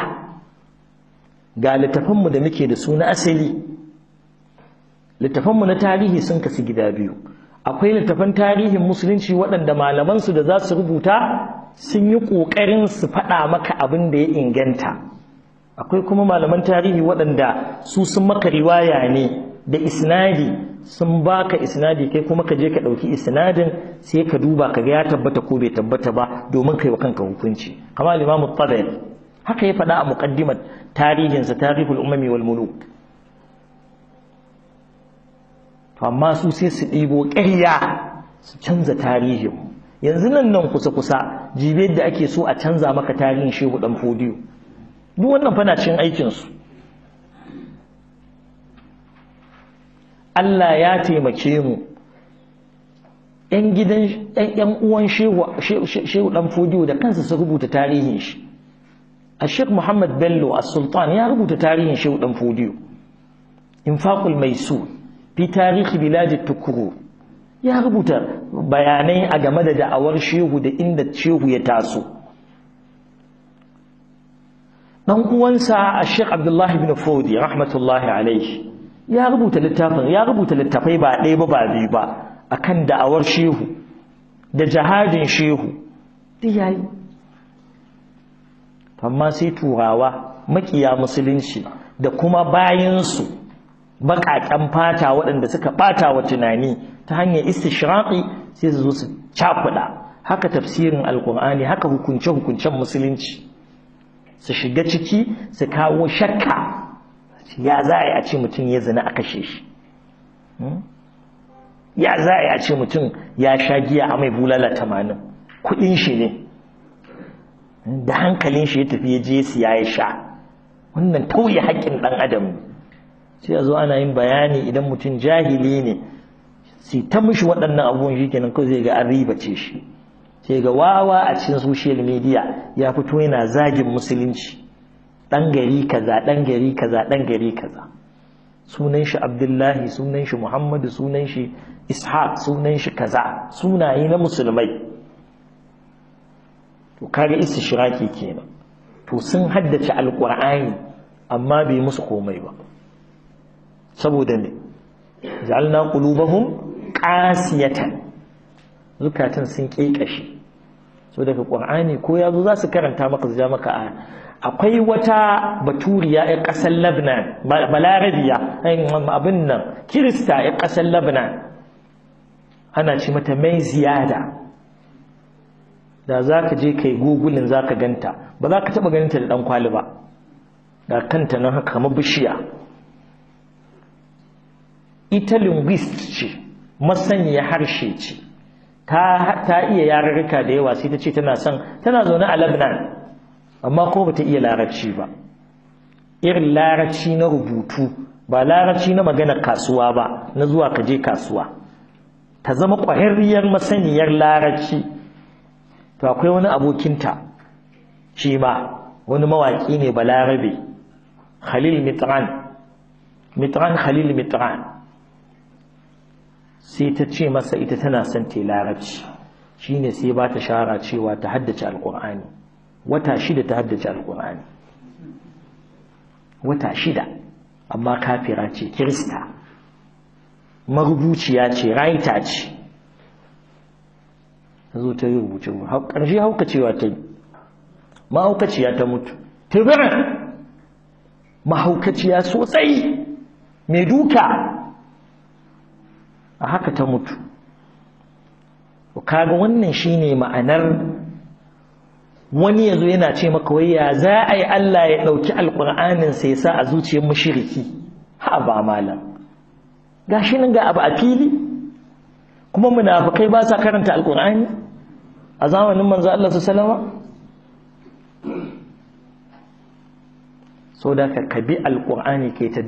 ga littafanmu da muke da su na asali littafanmu na tarihi sun kasu gida biyu akwai littafan tarihin musulunci waɗanda malamansu da za su rubuta sun yi ƙoƙarin su faɗa maka abin da ya inganta akwai kuma malaman tarihi waɗanda su sun maka riwaya ne da isnadi sun baka isnadi kai kuma ka je ka ɗauki isnadin sai ka duba ka ga ya tabbata ko bai tabbata ba domin kai wa kanka hukunci Kamar limamu tabari haka ya faɗa a muƙaddimar tarihinsa tarihul umami wal muluk to amma su sai su ɗibo ƙarya su canza tarihin yanzu nan nan kusa kusa jibiyar da ake so a canza maka tarihin shehu ɗan fodiyo duk wannan fana cikin aikinsu Allah ya taimake mu ‘yan gidan ‘yan uwan shehu ɗan fodiyo da kansa su rubuta tarihin shi a sheikh muhammad bello a sultan ya rubuta tarihin shehu ɗan fodiyo mai su. fi tarihi biladi tukuru ya rubuta bayanai a game da da'awar shehu da inda shehu ya taso dan uwansa a sheikh abdullahi bin fodi rahmatullahi alaihi ya rubuta littafin ya rubuta littafai ba ɗaya ba ba biyu ba akan da'awar shehu da jihadin shehu duk amma sai turawa makiya musulunci da kuma bayansu baƙaƙen fata waɗanda suka ɓata wa tunani ta hanyar istishraqi sai su zo su cakuɗa haka tafsirin alkur'ani haka hukunce-hukuncen musulunci su shiga ciki su kawo shakka ya za a yi a ce mutum ya zina a kashe shi hmm? ya za a yi a ce mutum ya sha giya a mai bulala tamanin kuɗin shi ne da hankalin shi ya tafi ya je siya ya sha wannan tauye haƙƙin ɗan adam ne sai a zo ana yin bayani idan mutum jahili ne sai ta mishi waɗannan abubuwan shi kenan kawai zai ga an ribace shi sai ga wawa a cikin social media ya fito yana zagin musulunci ɗan gari kaza ɗan gari kaza ɗan gari kaza sunan shi abdullahi sunan shi muhammadu sunan shi ishaq sunan shi kaza sunaye na musulmai to kaga shiraki kenan to sun haddace Alƙur'ani amma bai musu komai ba saboda ne ja'alna qulubahum qasiyatan zukatan sun ƙeƙashe. so daga ƙur'ani ko yazo za su karanta maka su ja maka a akwai wata baturiya ya kasar labnan balarabiya abin nan kirista ya ƙasar labnan ana ce mata mai ziyada da za ka je kai gugulin za ka ganta ba za ka taɓa ganinta da ɗan kwali ba ga kanta nan haka kamar bishiya ita linguist ce masaniya harshe ce ta ta iya yarurruka da yawa sai ta ce tana son tana zaune a Lebanon amma ko bata iya laraci ba irin laraci na rubutu ba laraci na magana kasuwa ba na zuwa ka je kasuwa ta zama ƙwararriyar masaniyar laraci to akwai wani abokinta shi ma wani mawaƙi ne balarabe khalil mitran mitran khalil mitran sai ta ce masa ita tana son ta larabci shine sai ba ta shara cewa ta haddace alkur'ani wata shida ta haddace alkur'ani wata shida amma kafira ce kirista marubuciya ce raita ce ta zo ta yi rubuce ƙarshe haukacewa ta yi mahaukaciya ta mutu tibirin mahaukaciya sosai mai duka a haka ta mutu kaga wannan shine ma'anar wani zo yana ce maka wai ya za a yi Allah ya ɗauki alƙur'anin sai ya sa a zuciyar mushriki ha ba malam gashi nan ga abu a fili kuma munafukai ba sa karanta alƙur'ani a zamanin manzo Allah sallallahu alaihi so da ka bi alkur'ani ke ta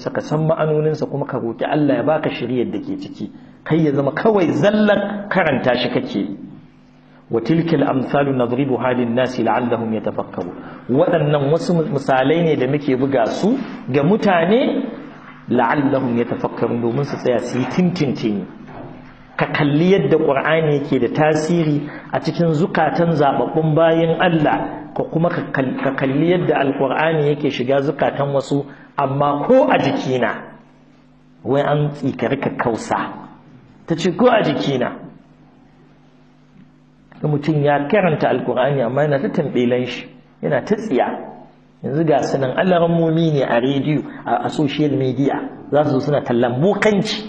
sa ka san ma'anonin sa kuma ka roki Allah ya baka shiriyar da ke ciki kai ya zama kawai zallan karanta shi kake wa tilka amsalu nadribu halin nasi la'allahum yatafakkaru waɗannan wasu misalai ne da muke buga su ga mutane la'allahum yatafakkaru domin su tsaya su yi ka kalli yadda qur'ani yake da tasiri a cikin zukatan zaɓaɓɓun bayan Allah ka kuma ka kalli yadda alkur'ani yake shiga zukatan wasu amma ko a jikina wai an tsikari ka kausa ta ce ko a jikina mutum ya karanta alkur'ani amma yana ta tambelan shi yana ta tsiya yanzu ga sunan allaran mumi ne a rediyo a social media za su zo suna tallan bokanci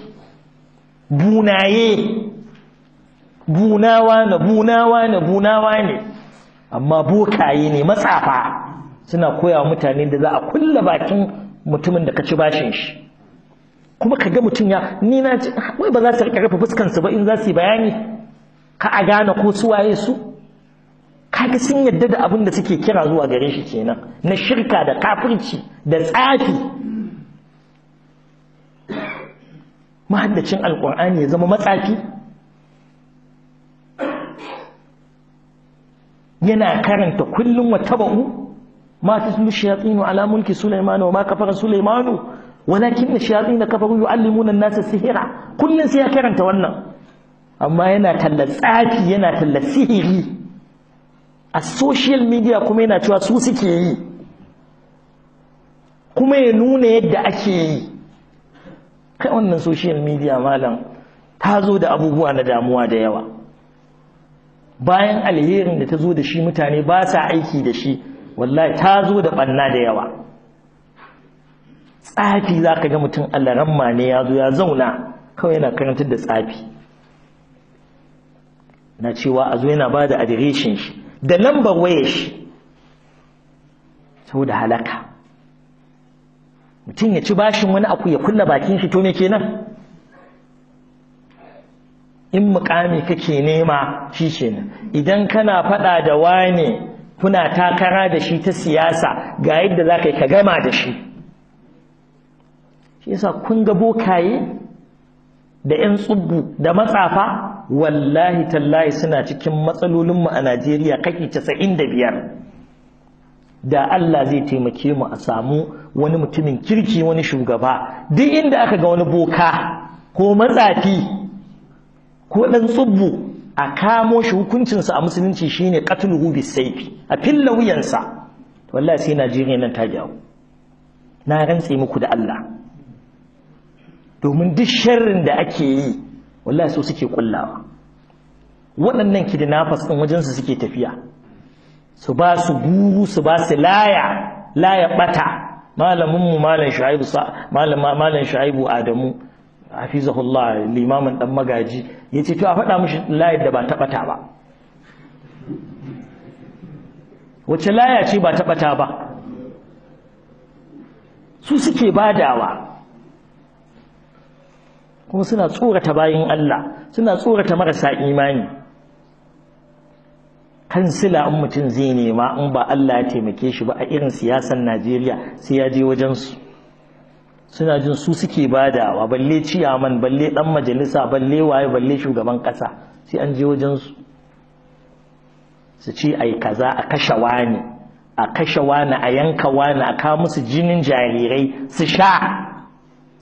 bunaye bunawa na bunawa na bunawa ne amma bokaye ne matsafa suna koyawa mutane da za a kulla bakin mutumin da ka ci bashin shi kuma ka ga mutum ya ni na ci wai ba za su rika rufe fuskansu ba in za su bayani ka a gane ko su waye su Ka ga sun yadda da abin da suke kira zuwa gare shi kenan na shirka da kafirci da tsafi mahaddacin alkur'ani ya zama matsafi yana karanta kullum wa taba'u ma taslu shayatinu ala mulki sulaiman wa ma kafara sulaiman walakin shayatin kafaru yuallimuna an-nasa sihira kullun sai ya karanta wannan amma yana talla tsafi yana talla sihiri a social media kuma yana cewa su suke yi kuma ya nuna yadda ake yi kai wannan social media malam ta zo da abubuwa na damuwa da yawa bayan alherin da ta zo da shi mutane ba sa aiki da shi wallahi ta zo da ɓanna da yawa tsafi za ka ga mutum ramma ne ya zo ya zauna kawai yana karantar da tsafi na cewa a zo yana ba da adireshin shi da lambar waya shi Sau da halaka mutum ya ci bashin wani aku ya kulla bakin shi to me kenan in mukami kake nema shi kenan idan kana faɗa da wane kuna takara da shi ta siyasa ga yadda za ka ka gama da shi shi yasa kun ga bokaye da 'yan tsubbu da matsafa wallahi tallahi suna cikin matsalolinmu a najeriya kaki casa'in da biyar da allah zai taimake mu a samu wani mutumin kirki wani shugaba duk inda aka ga wani boka ko matsafi ko dan tsubbu a kamo shi hukuncinsa a musulunci shine qatluhu saifi a filla wuyansa wallahi sai Najeriya nan ta jawo na rantse muku da Allah domin duk sharrin da ake yi wallahi so suke kullawa waɗannan kidnappers ɗin wajen suke tafiya su ba su guru su ba su laya laya bata malamin mu malam Shu'aibu malam malam Shu'aibu Adamu hafizahullah limamin ɗan magaji ya ce to a faɗa mishi layar da ba taɓata ba wacce laya ce ba taɓata ba su suke badawa kuma suna tsorata bayan Allah suna tsorata marasa imani kansila in mutum zai nema in ba Allah ya taimake shi ba a irin siyasan Najeriya sai ya je wajensu suna jin su suke badawa balle ciyaman balle dan majalisa balle waye balle shugaban kasa sai an je wajen su su ce ai kaza a kashe wani a kashe wani a yanka wani a kawo musu jinin jarirai su sha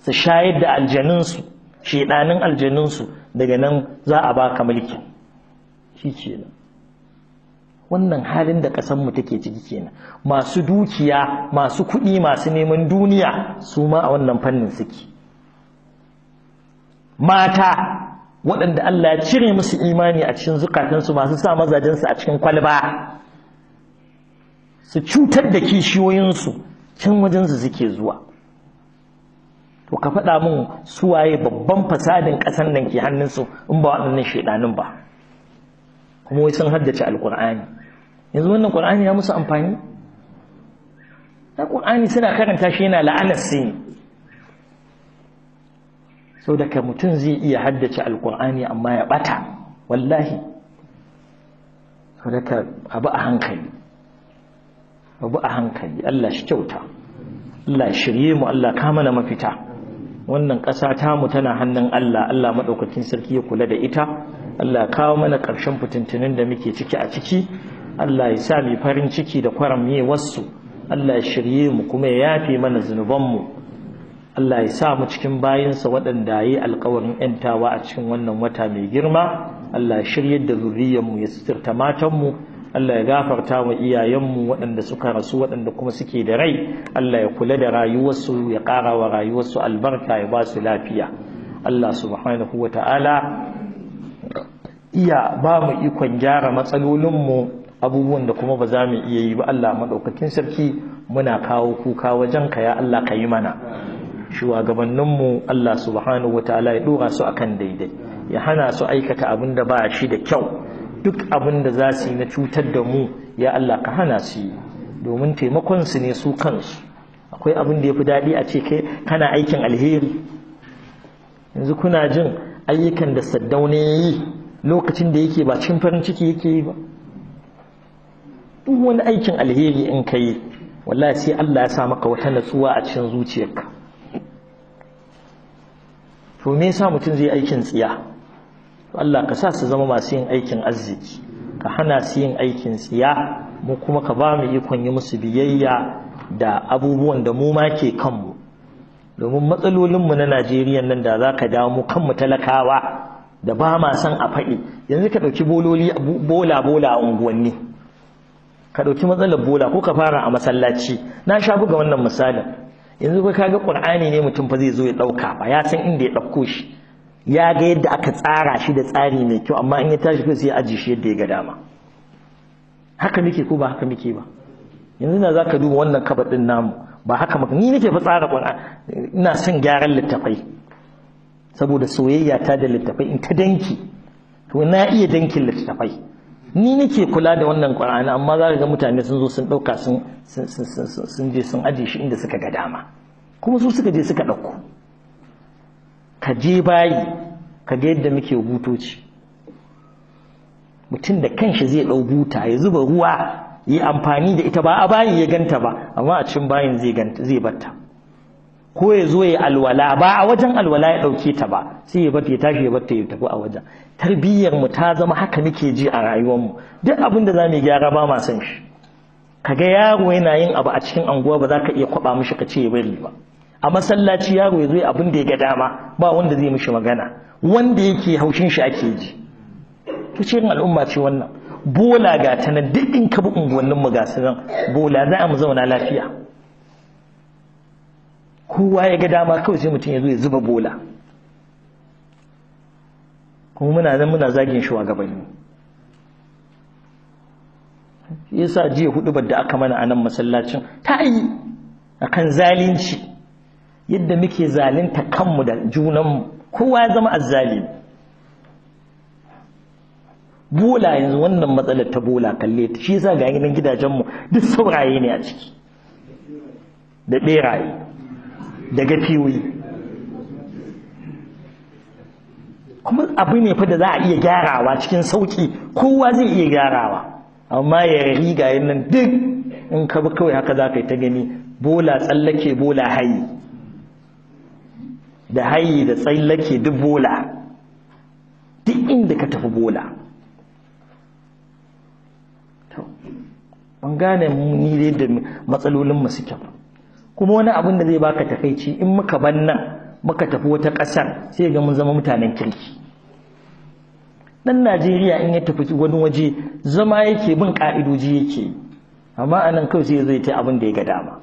su shayar da aljaninsu shedanin aljaninsu daga nan za a baka mulki shi kenan wannan halin da ƙasar mu take ciki kenan masu dukiya masu kuɗi masu neman duniya su ma a wannan fannin suke mata waɗanda Allah ya cire musu imani a cikin zukatansu masu sa mazajensu a cikin kwalba su cutar da kishiyoyinsu can wajensu suke zuwa to ka faɗa min suwaye babban fasadin ƙasar nan ke hannunsu in ba waɗannan shaiɗanun ba kuma wai sun haddace alkur'ani yanzu wannan qur'ani ya musu amfani na qur'ani suna karanta shi yana la'anar sai so daga mutum zai iya haddace alkur'ani amma ya bata wallahi so daga abu a hankali abu a hankali Allah shi kyauta Allah shirye mu Allah ka mafita wannan ƙasa tamu tana hannun Allah Allah maɗaukacin sarki ya kula da ita Allah kawo mana ƙarshen fitintunin da muke ciki a ciki Allah ya sa mu farin ciki da kwaramye wasu Allah ya shirye mu kuma ya yafe mana zunubanmu Allah ya sa mu cikin bayinsa waɗanda yi alƙawarin ‘yantawa a cikin wannan wata mai girma Allah ya shirye da zurriyanmu ya suturta matanmu Allah ya gafarta wa iyayenmu waɗanda suka rasu waɗanda kuma suke da rai Allah ya kula da rayuwarsu ya ƙara wa rayuwarsu albarka ya ba su lafiya Allah subhanahu wa ta'ala iya ba mu ikon gyara matsalolinmu abubuwan da kuma ba za mu iya yi ba Allah maɗaukakin sarki muna kawo kuka wajen ka ya Allah ka yi mana shugabanninmu Allah subhanahu wa ta'ala ya ɗora su akan daidai ya hana su aikata abin da ba shi da kyau duk abin da za su yi na cutar da mu ya Allah ka hana su yi domin taimakonsu ne su kansu akwai abin da ya fi daɗi a ce kai kana aikin alheri yanzu kuna jin ayyukan da saddaune ya yi lokacin da yake ba cikin farin ciki yake yi ba duk wani aikin alheri in ka yi wallahi sai Allah ya sa maka wata natsuwa a cikin zuciyarka to me yasa mutum zai aikin tsiya Allah ka sa su zama masu yin aikin arziki ka hana su yin aikin tsiya mu kuma ka ba mu ikon yi musu biyayya da abubuwan da mu ma ke kanmu domin matsalolinmu na Najeriya nan da za ka dawo mu kanmu talakawa da ba ma san a faɗi yanzu ka ɗauki bololi bola bola a unguwanni ka ɗauki matsalar bola ko ka fara a masallaci na sha buga wannan misalin yanzu ka ga ƙur'ani ne mutum fa zai zo ya ɗauka ba ya san inda ya ɗauko shi ya ga yadda aka tsara shi da tsari mai kyau amma in ya tashi kai sai ya aji shi yadda ya ga dama haka muke ko ba haka muke ba yanzu na za ka duba wannan kabaɗin namu ba haka maka ni nake fa tsara ƙur'ani ina son gyaran littafai saboda soyayya ta da littafai in ta danki to na iya dankin littafai ni nake kula da wannan qur'ani amma za ka ga mutane sun zo sun dauka sun sun je sun aje shi inda suka ga dama kuma su suka je suka dauko ka je bayi ka ga yadda muke butoci mutum da kanshi zai dau buta ya zuba ruwa yi amfani da ita ba a bayin ya ganta ba amma a cikin bayin zai ganta zai batta ko ya zo ya alwala ba a wajen alwala ya ɗauke ta ba sai ya bata ya tashi ya bata ya tafi a wajen tarbiyyar mu ta zama haka muke ji a rayuwar mu duk abin da zamu gyara ba ma san shi kaga yaro yana yin abu a cikin anguwa ba za ka iya kwaba mishi ka ce ya bari ba a masallaci yaro ya zo abin da ya ga dama ba wanda zai mishi magana wanda yake haushin shi ake ji to ce al'umma ce wannan bola ga ta nan duk in ka bi unguwannin mu ga su bola za mu zauna lafiya kowa ya ga dama kawai sai mutum ya zo ya zuba bola kuma muna nan muna zagin shugabanni yasa jiya hudubar da aka mana a nan masallacin ta yi akan zalunci yadda muke zalunta kanmu da junanmu kowa ya zama azali bola yanzu wannan matsalar ta bola kalle ta shi yasa ga gidajenmu duk sauraye ne a ciki da beraye daga fiyoyi kuma abu ne fa da za a iya gyarawa cikin sauki kowa zai iya gyarawa amma ya riga nan duk in ka bi kawai haka za ka yi ta gani bola tsallake bola hayi da hayi da tsallake duk bola duk inda ka tafi bola ban gane mu ni dai da matsalolin masu kyau kuma wani abin da zai baka takaici in muka ban nan muka tafi wata ƙasar sai ga mun zama mutanen kirki dan Najeriya in ya tafi wani waje zama yake bin ka'idoji yake amma anan kawai sai zai ta abin da ya ga dama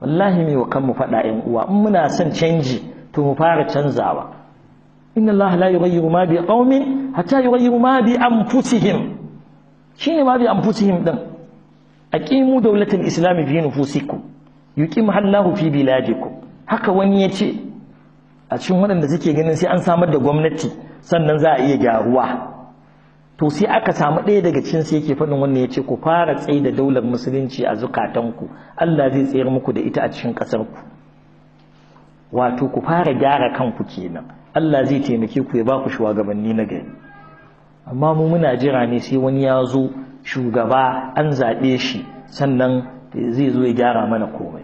wallahi mai wa kanmu faɗa ƴan uwa in muna son canji to mu fara canzawa inna Allah la yughayyiru ma bi qaumin hatta yughayyiru ma bi anfusihim shine ma bi anfusihim din aqimu dawlatal fi nufusikum yuqim Allahu fi biladikum haka wani ya ce a cikin waɗanda suke ganin sai an samar da gwamnati sannan za a iya gyaruwa to sai aka samu ɗaya daga cikin su yake faɗin wannan ya ce ku fara tsaye da daular musulunci a zukatanku Allah zai tsayar muku da ita a cikin ku wato ku fara gyara kanku kenan Allah zai taimake ku ya ba ku shugabanni na gari amma mu muna jira ne sai wani ya zo shugaba an zaɓe shi sannan zai zo ya gyara mana komai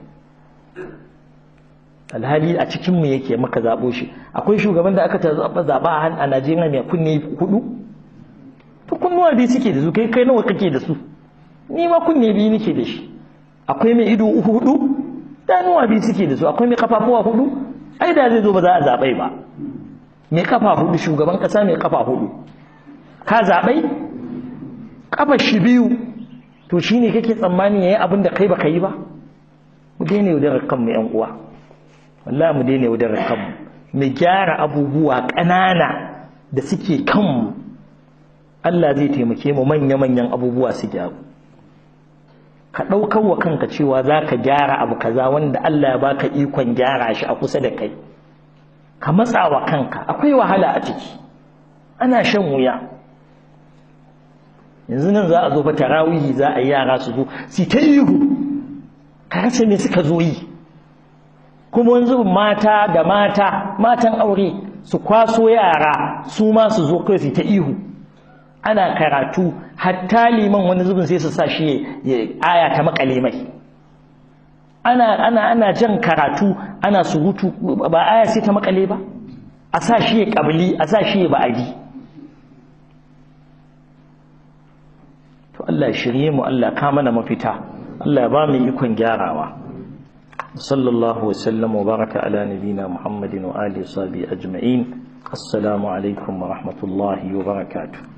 alhali a cikinmu yake muka zaɓo shi akwai shugaban da aka zaɓa a najeriya mai kunne hudu to kunnuwa biyu suke da su kai kai nawa kake da su ni ma kunne biyu nake da shi akwai mai ido uku hudu danuwa biyu suke da su akwai mai kafafuwa hudu ai da zai zo ba za a zaɓai ba mai kafa hudu shugaban kasa mai kafa hudu ka zaɓai kafa shi biyu to shine kake tsammani yayi abin da kai baka yi ba mu daina yaudarar kanmu yan uwa wallahi mu daina yaudarar kanmu mu gyara abubuwa ƙanana da suke kanmu Allah zai taimake mu manya-manyan abubuwa su gyaru ka ɗaukar wa kanka cewa za ka gyara abu kaza wanda Allah ya baka ikon gyara shi a kusa da kai ka matsa wa kanka akwai wahala a ciki ana shan wuya yanzu nan za a zo fa tarawihi za a yi yara su zo su ta ihu karsa ne suka zo yi kuma wani mata da mata matan aure su kwaso yara su ma su zo kai su ta ihu ana karatu hatta liman wani zubin sai su sa shi aya ta makale mai ana ana ana jan karatu ana surutu ba aya sai ta makale ba a sa shi ya kabli a sa shi ya ba'adi to Allah shirye mu Allah ka mana mafita Allah ya ba mu ikon gyarawa sallallahu wasallam wa baraka ala nabina muhammadin wa alihi wa ajma'in assalamu alaikum wa rahmatullahi wa barakatuh